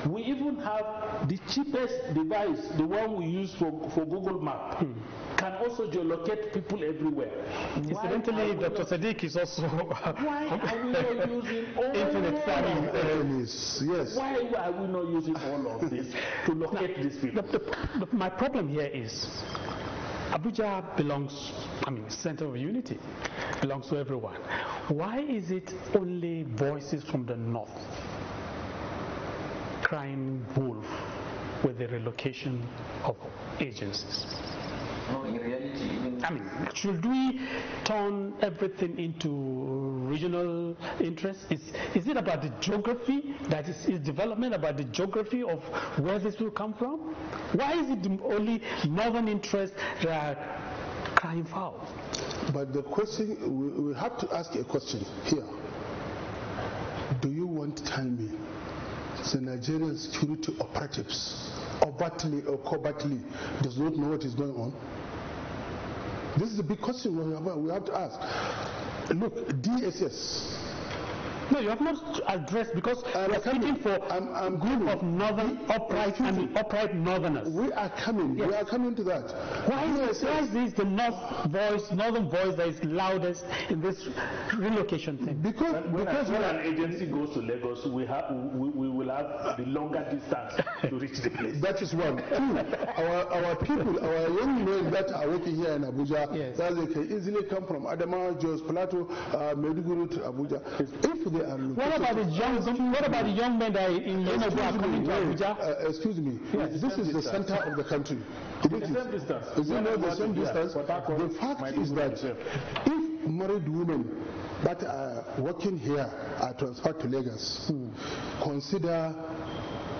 We even have the cheapest device, the one we use for, for Google Map, hmm. can also geolocate people everywhere. Incidentally, Dr. Sadiq is also. why are we not using all of farming? Uh, yes. Why are we not using all of this to locate now, these people? The, the, the, my problem here is Abuja belongs, I mean, center of unity, belongs to everyone. Why is it only voices from the north crime wolf with the relocation of agencies. I mean, should we turn everything into regional interests? Is, is it about the geography? That is, is development about the geography of where this will come from? Why is it only northern interests that are crying foul? But the question, we, we have to ask a question here. Do you want me? the Nigerian security operatives overtly or covertly does not know what is going on? This is a big question we have, we have to ask. Look, DSS no, you have not addressed because I'm we are coming, speaking for I'm, I'm group of northern upright and the upright northerners. We are coming. Yes. We are coming to that. Why is, why is this the north voice, northern voice that is loudest in this relocation thing? Because when, when because a, when an agency goes to Lagos, we have we, we will have the longer distance to reach the place. That is one. Two, our our people, our young men that are working here in Abuja, yes. that they can easily come from Adamawa, Jos Plateau, uh, to Abuja. If they are located. What about the young, what about the young men that in Yemen are coming to Abuja? Uh, excuse me. this is the center of the country. the same distance. Is it not the same distance? The fact is that if married women that are working here are transferred to Lagos, hmm. consider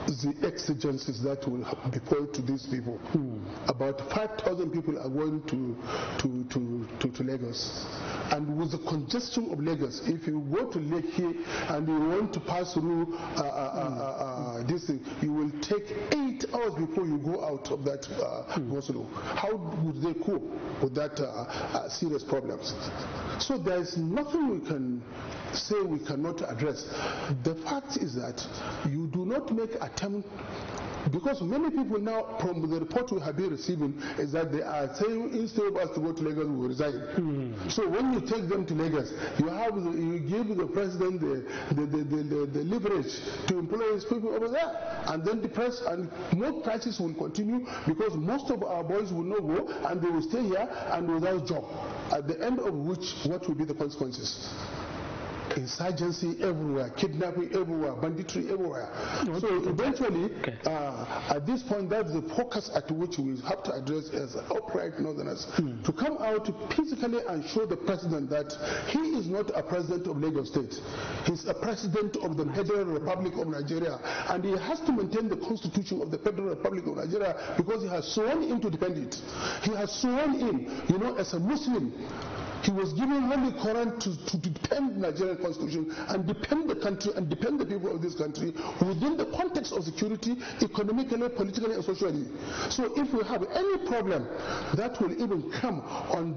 the exigencies that will be put to these people. Hmm. About 5,000 people are going to, to, to, to, to Lagos. And with the congestion of Lagos, if you go to Lake here and you want to pass through uh, uh, mm. this thing, you will take eight hours before you go out of that uh, mm. How would they cope with that serious problems? So there is nothing we can say we cannot address. The fact is that you do not make attempt because many people now, from the report we have been receiving, is that they are saying instead of us to go to Lagos, we resign. Mm. So when you take them to Lagos, you have the, you give the president the, the, the, the leverage to employ his people over there, and then the press and more crisis will continue because most of our boys will not go and they will stay here and without job. At the end of which, what will be the consequences? insurgency everywhere, kidnapping everywhere, banditry everywhere. So eventually, okay. uh, at this point, that's the focus at which we have to address as upright Northerners mm. to come out peacefully and show the president that he is not a president of Lagos State. He's a president of the Federal Republic of Nigeria, and he has to maintain the constitution of the Federal Republic of Nigeria because he has sworn in to defend it. He has sworn in, you know, as a Muslim. He was given Holy Quran to, to defend Nigerian constitution and defend the country and defend the people of this country within the context of security, economically, politically, and socially. So if we have any problem that will even come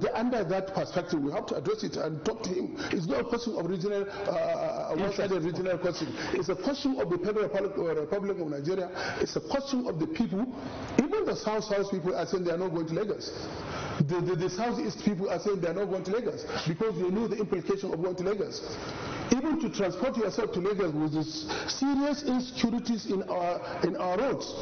the, under that perspective, we have to address it and talk to him. It's not a question of regional, uh, uh one-sided regional question. It's a question of the Federal uh, Republic of Nigeria. It's a question of the people. Even the South South people are saying they are not going to Lagos. The, the, the Southeast people are saying they are not going to Lagos because they know the implication of going to Lagos. Even to transport yourself to Lagos with serious insecurities in our, in our roads.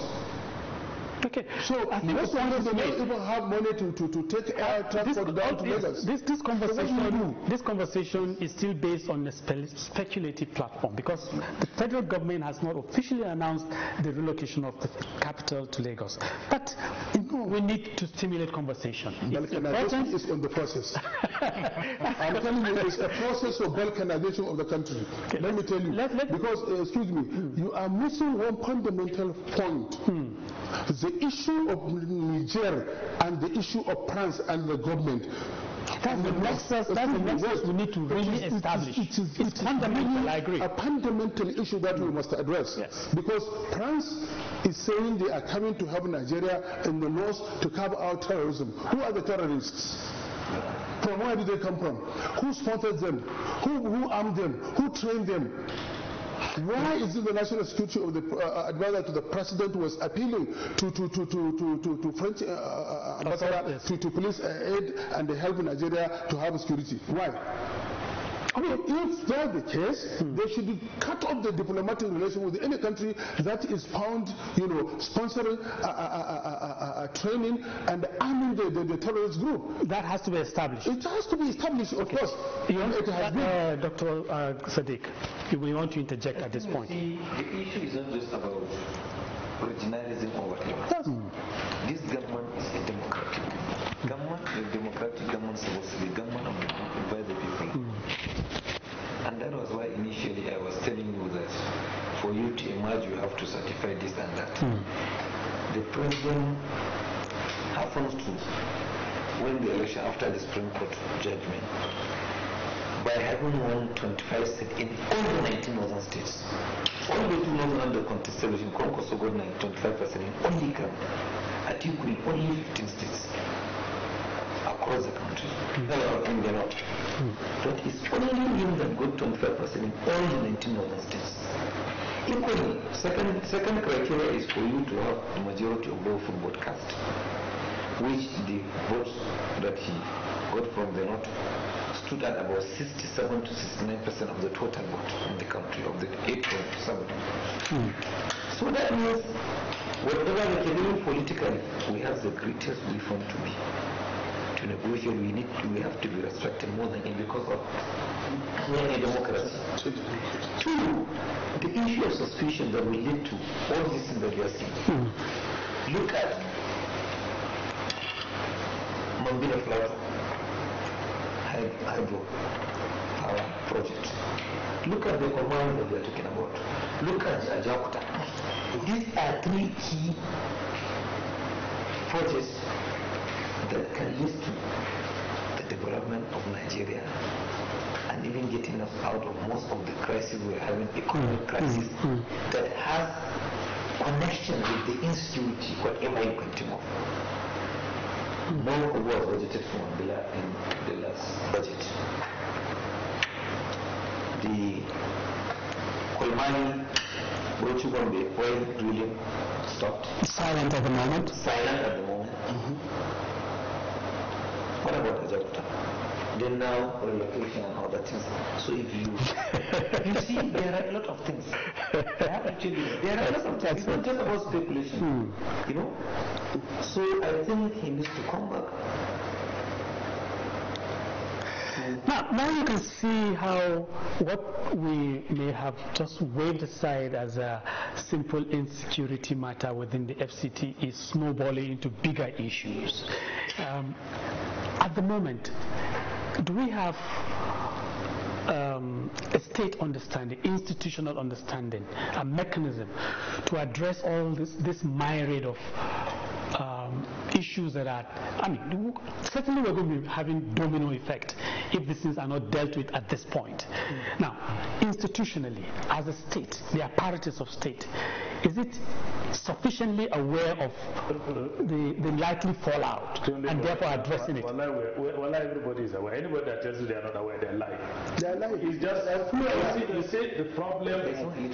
Okay. So most of the do most people have money to, to, to take uh, air transport down to Lagos? This, this, conversation, so this conversation is still based on a spe speculative platform because the federal government has not officially announced the relocation of the capital to Lagos. But we need to stimulate conversation. Balkanization is on the process. I'm telling you, it's a process of balkanization of the country. Okay, let me tell you. Let, let because, uh, excuse me, hmm. you are missing one fundamental point. Hmm. The the issue of Niger and the issue of France and the government that's the nexus. That's the nexus we need to really it is, establish. It is, it is, it's fundamental. Really I agree. A fundamental issue that we must address. Yes. Because France is saying they are coming to help Nigeria in the north to curb out terrorism. Who are the terrorists? From where did they come from? Who sponsored them? Who, who armed them? Who trained them? Why is it the national security of the uh, uh, advisor to the president was appealing to, to, to, to, to, to, to French uh, uh ambassador to, to police aid and help Nigeria to have security? Why? I mean, if that's the case, they should cut off the diplomatic relation with any country that is found, you know, sponsoring uh, uh, uh, uh training and arming the, the, the, terrorist group. That has to be established. It has to be established, of okay. course. You and it has been. Dr. Sadiq, we want to interject at this point. See, the issue is not just about originalism or whatever. This government is a democratic government. The democratic government supposed to be government March you have to certify this and that. Mm. The problem happens to when the election after the Supreme Court judgment by having won 25 seats in all the 19 northern states. Only two northern under contestation, Congress got 25% in only Canada, Atiku in only 15 states across the country. Mm. They are in the north. That is only him that got 25% in all the 19 northern states. Equally, second, second criteria is for you to have the majority of both who broadcast, which the votes that he got from the North stood at about 67 to 69 percent of the total vote in the country of the 8.7. Mm. So that means whatever we can do politically, we have the greatest reform to be to negotiate, we need to, we have to be respected more than any because of we're a democracy. Two, the issue of suspicion that will lead to all these things that we are seeing. Mm. Look at Mambina Plateau hydro power project. Look at the command that we are talking about. Look at Ajakuta. These are three key projects that can lead to the development of Nigeria and even getting us out of most of the crisis we're having, economic mm, crisis, mm, mm. that has connection with the insecurity, whatever you can think mm. of. None of was budgeted for Mandela in the last budget. The Kolmani Rochi Bombe oil drilling stopped. Silent at the moment. Silent at the moment. Mm -hmm. What about the doctor? They now relocation and other things. So if you you see there are a lot of things. I There are a lot of things. It's not just about speculation. Hmm. You know? So I think he needs to come back. Now, now you can see how what we may have just waved aside as a simple insecurity matter within the FCT is snowballing into bigger issues. Um, at the moment, do we have um, a state understanding, institutional understanding, a mechanism to address all this, this myriad of um, issues that are, I mean, certainly we're going to be having domino effect if these things are not dealt with at this point. Mm. Now, institutionally, as a state, the apparatus of state, is it sufficiently aware of the, the likely fallout and therefore addressing it? Well, everybody is aware. Anybody that tells you they are not aware, they're lying. They're lying. It's just, you see, you see the problem,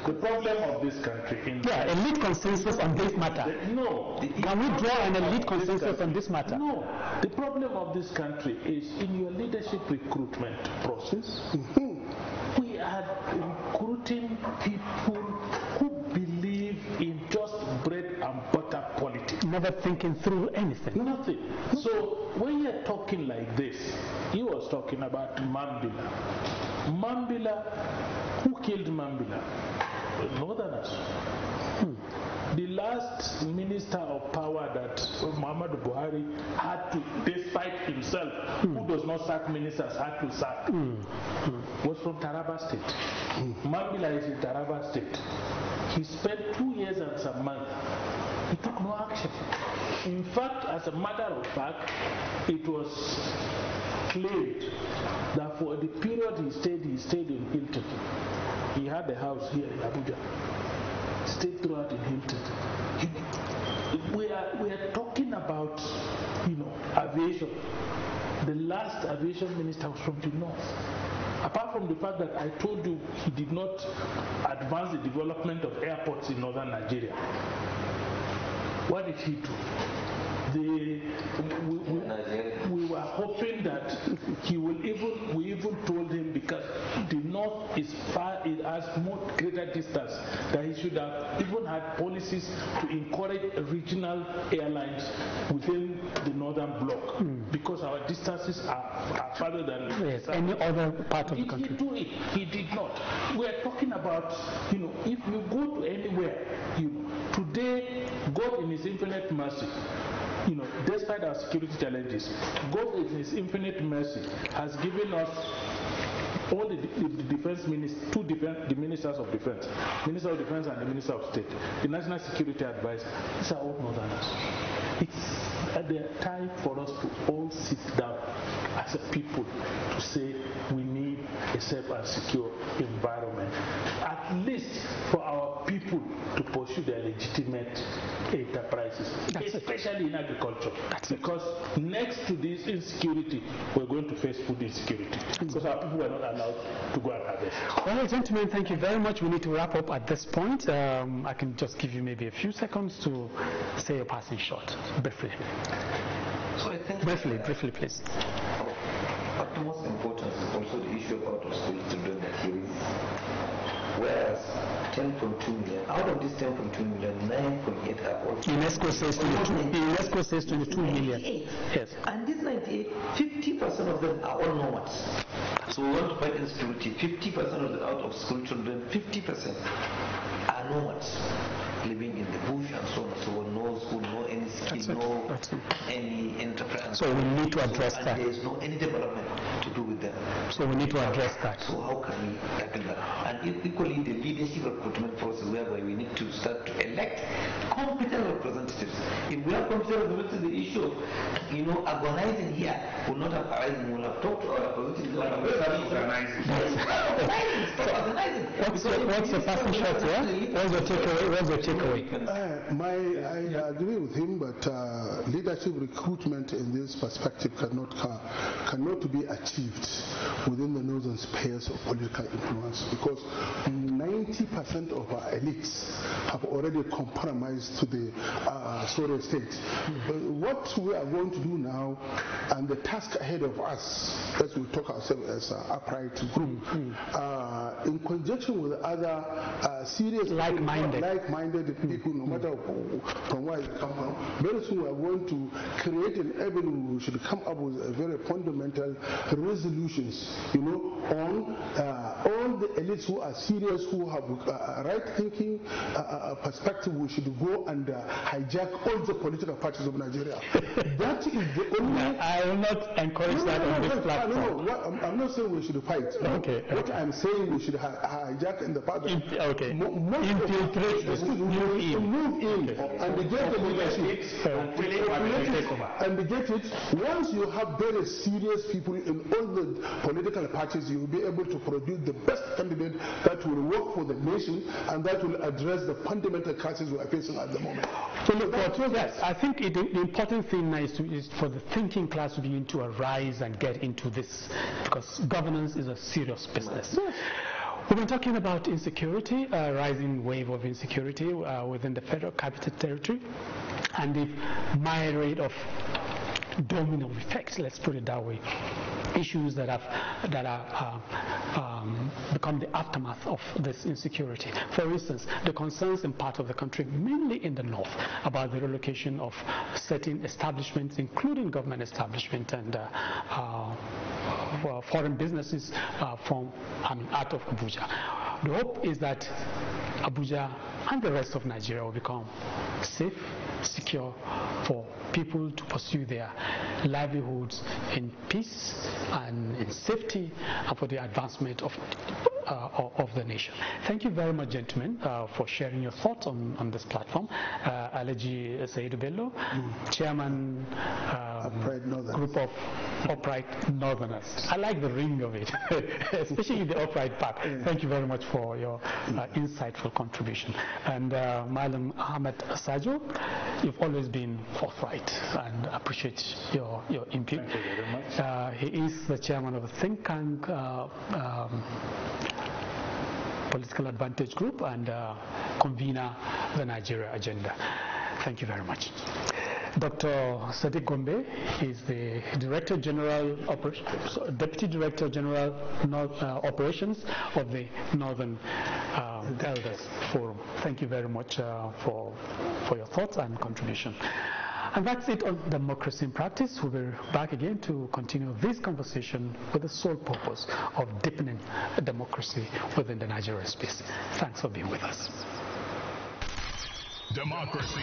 the problem of this country. In yeah, elite consensus on this matter. The, no. Can we draw an elite consensus? on this matter? No. The problem of this country is in your leadership recruitment process. Mm -hmm. We are recruiting people who believe in just bread and butter politics. Never thinking through anything. Nothing. So when you're talking like this, he was talking about Mambila. Mambila, who killed Mambila? Northerners the last minister of power that Muhammad Buhari had to despite himself, mm. who hmm. does not sack ministers, had to sack, mm. Mm. was from Taraba State. Mm. is in Taraba State. He spent two years and some months. He took no action. In fact, as a matter of fact, it was claimed that for the period he stayed, he stayed in Hilton. He had a house here in Abuja stayed throughout in We are, we are talking about, you know, aviation. The last aviation minister was from the north. Apart from the fact that I told you he did not advance the development of airports in northern Nigeria, what did he do? The, we, we, we, were hoping that he will even, we even told him because north is far, it has more greater distance that he should have even had policies to encourage regional airlines within the northern block mm. because our distances are, are farther than yes, any other part of did the country. Did he do it? He did not. We are talking about, you know, if you go to anywhere, you today God in his infinite mercy you know, despite our security challenges, God in His infinite mercy has given us all the, the defense ministers, two defense, the ministers of defense, minister of defense and the minister of state, the national security advisor, these are all northerners. It's at uh, the time for us to all sit down as a people to say we need a safe and secure environment, at least for our people to pursue their legitimate enterprises, That's especially it. in agriculture. That's because it. next to this insecurity, we're going to face food insecurity because our people are not allowed to go and harvest. All right, gentlemen, thank you very much. We need to wrap up at this point. Um, I can just give you maybe a few seconds to say a passing shot, briefly. So briefly, that, briefly, please. most important is also the issue of out-of-school children that you whereas 10.2 million, out of this 10.2 million, 9.8 are old UNESCO says, 22, UNESCO says 22 million. Yes. And these 98, 50% of them are all nomads. So we want to fight insecurity. 50% of the out of school children, 50% are nomads living in the bush and so on and so on, no school, no that's no it. any interference. So we need to address so, that. There is no any development to do with them. So we need to address that. So how can we tackle that? And equally, the leadership recruitment process whereby we need to start to elect competent representatives. If we have competent representatives, the issue, you know, agonizing here will not have arisen. We'll have talked to our representatives. Organizing. Organizing. What's, what's the passing shot? Yeah? What's the takeaway? What's the takeaway? Uh, my, I agree with him, but. Uh, uh, leadership recruitment in this perspective cannot cannot be achieved within the northern spheres of political influence because 90% of our elites have already compromised to the uh, Soviet state. Uh, what we are going to do now and the task ahead of us, as we talk ourselves as an upright group, mm-hmm. uh, in conjunction with other uh, serious like-minded, people, like-minded people, no matter from where they come from, very those who are going to create an avenue should come up with very fundamental resolutions, you know, on uh, all the elites who are serious, who have uh, uh right thinking uh, uh, uh, perspective, we should go and hijack all the political parties of Nigeria. that is the only. I will not encourage no, that no, on no, this platform. No, I'm, I'm, not saying we should fight. Okay. What okay. I'm saying we should hijack in the party. Okay. Mo- Infiltrate. Move in. Move in. Okay. And get the leadership uh, populated and it Once you have very serious people in all the political parties, you will be able to produce the best candidate that will work for the nation and that will address the fundamental crisis we are facing at the moment. So look, yes, I think it, the important thing is, to, is, for the thinking class to begin to arise and get into this because governance is a serious business. Yes. We've been talking about insecurity, a rising wave of insecurity uh, within the federal capital territory, and the myriad of domino effects, let's put it that way issues that have that are uh, um, become the aftermath of this insecurity. For instance, the concerns in part of the country, mainly in the north, about the relocation of certain establishments, including government establishments and uh, uh, foreign businesses uh, from I mean, out of Abuja. The hope is that Abuja and the rest of Nigeria will become safe secure for people to pursue their livelihoods in peace and in safety and for the advancement of uh, of the nation. Thank you very much, gentlemen, uh, for sharing your thoughts on, on this platform. Uh, Alaji Said Bello, mm. Chairman, um, Group of Upright Northerners. I like the ring of it, especially the upright part. Yeah. Thank you very much for your uh, insightful contribution. And uh, Malam Ahmed Sajo, you've always been forthright and appreciate your, your input. Thank you very much. Uh, he is the chairman of the think tank uh, um, political advantage group and uh, convener the Nigeria agenda. Thank you very much. Dr. Sadiq Gombe is the Director General, Oper Deputy Director General North, uh, Operations of the Northern um, Elders Forum. Thank you very much uh, for, for your thoughts and contribution. And that's it on democracy in practice. We'll be back again to continue this conversation with the sole purpose of deepening democracy within the Nigerian space. Thanks for being with us. Democracy.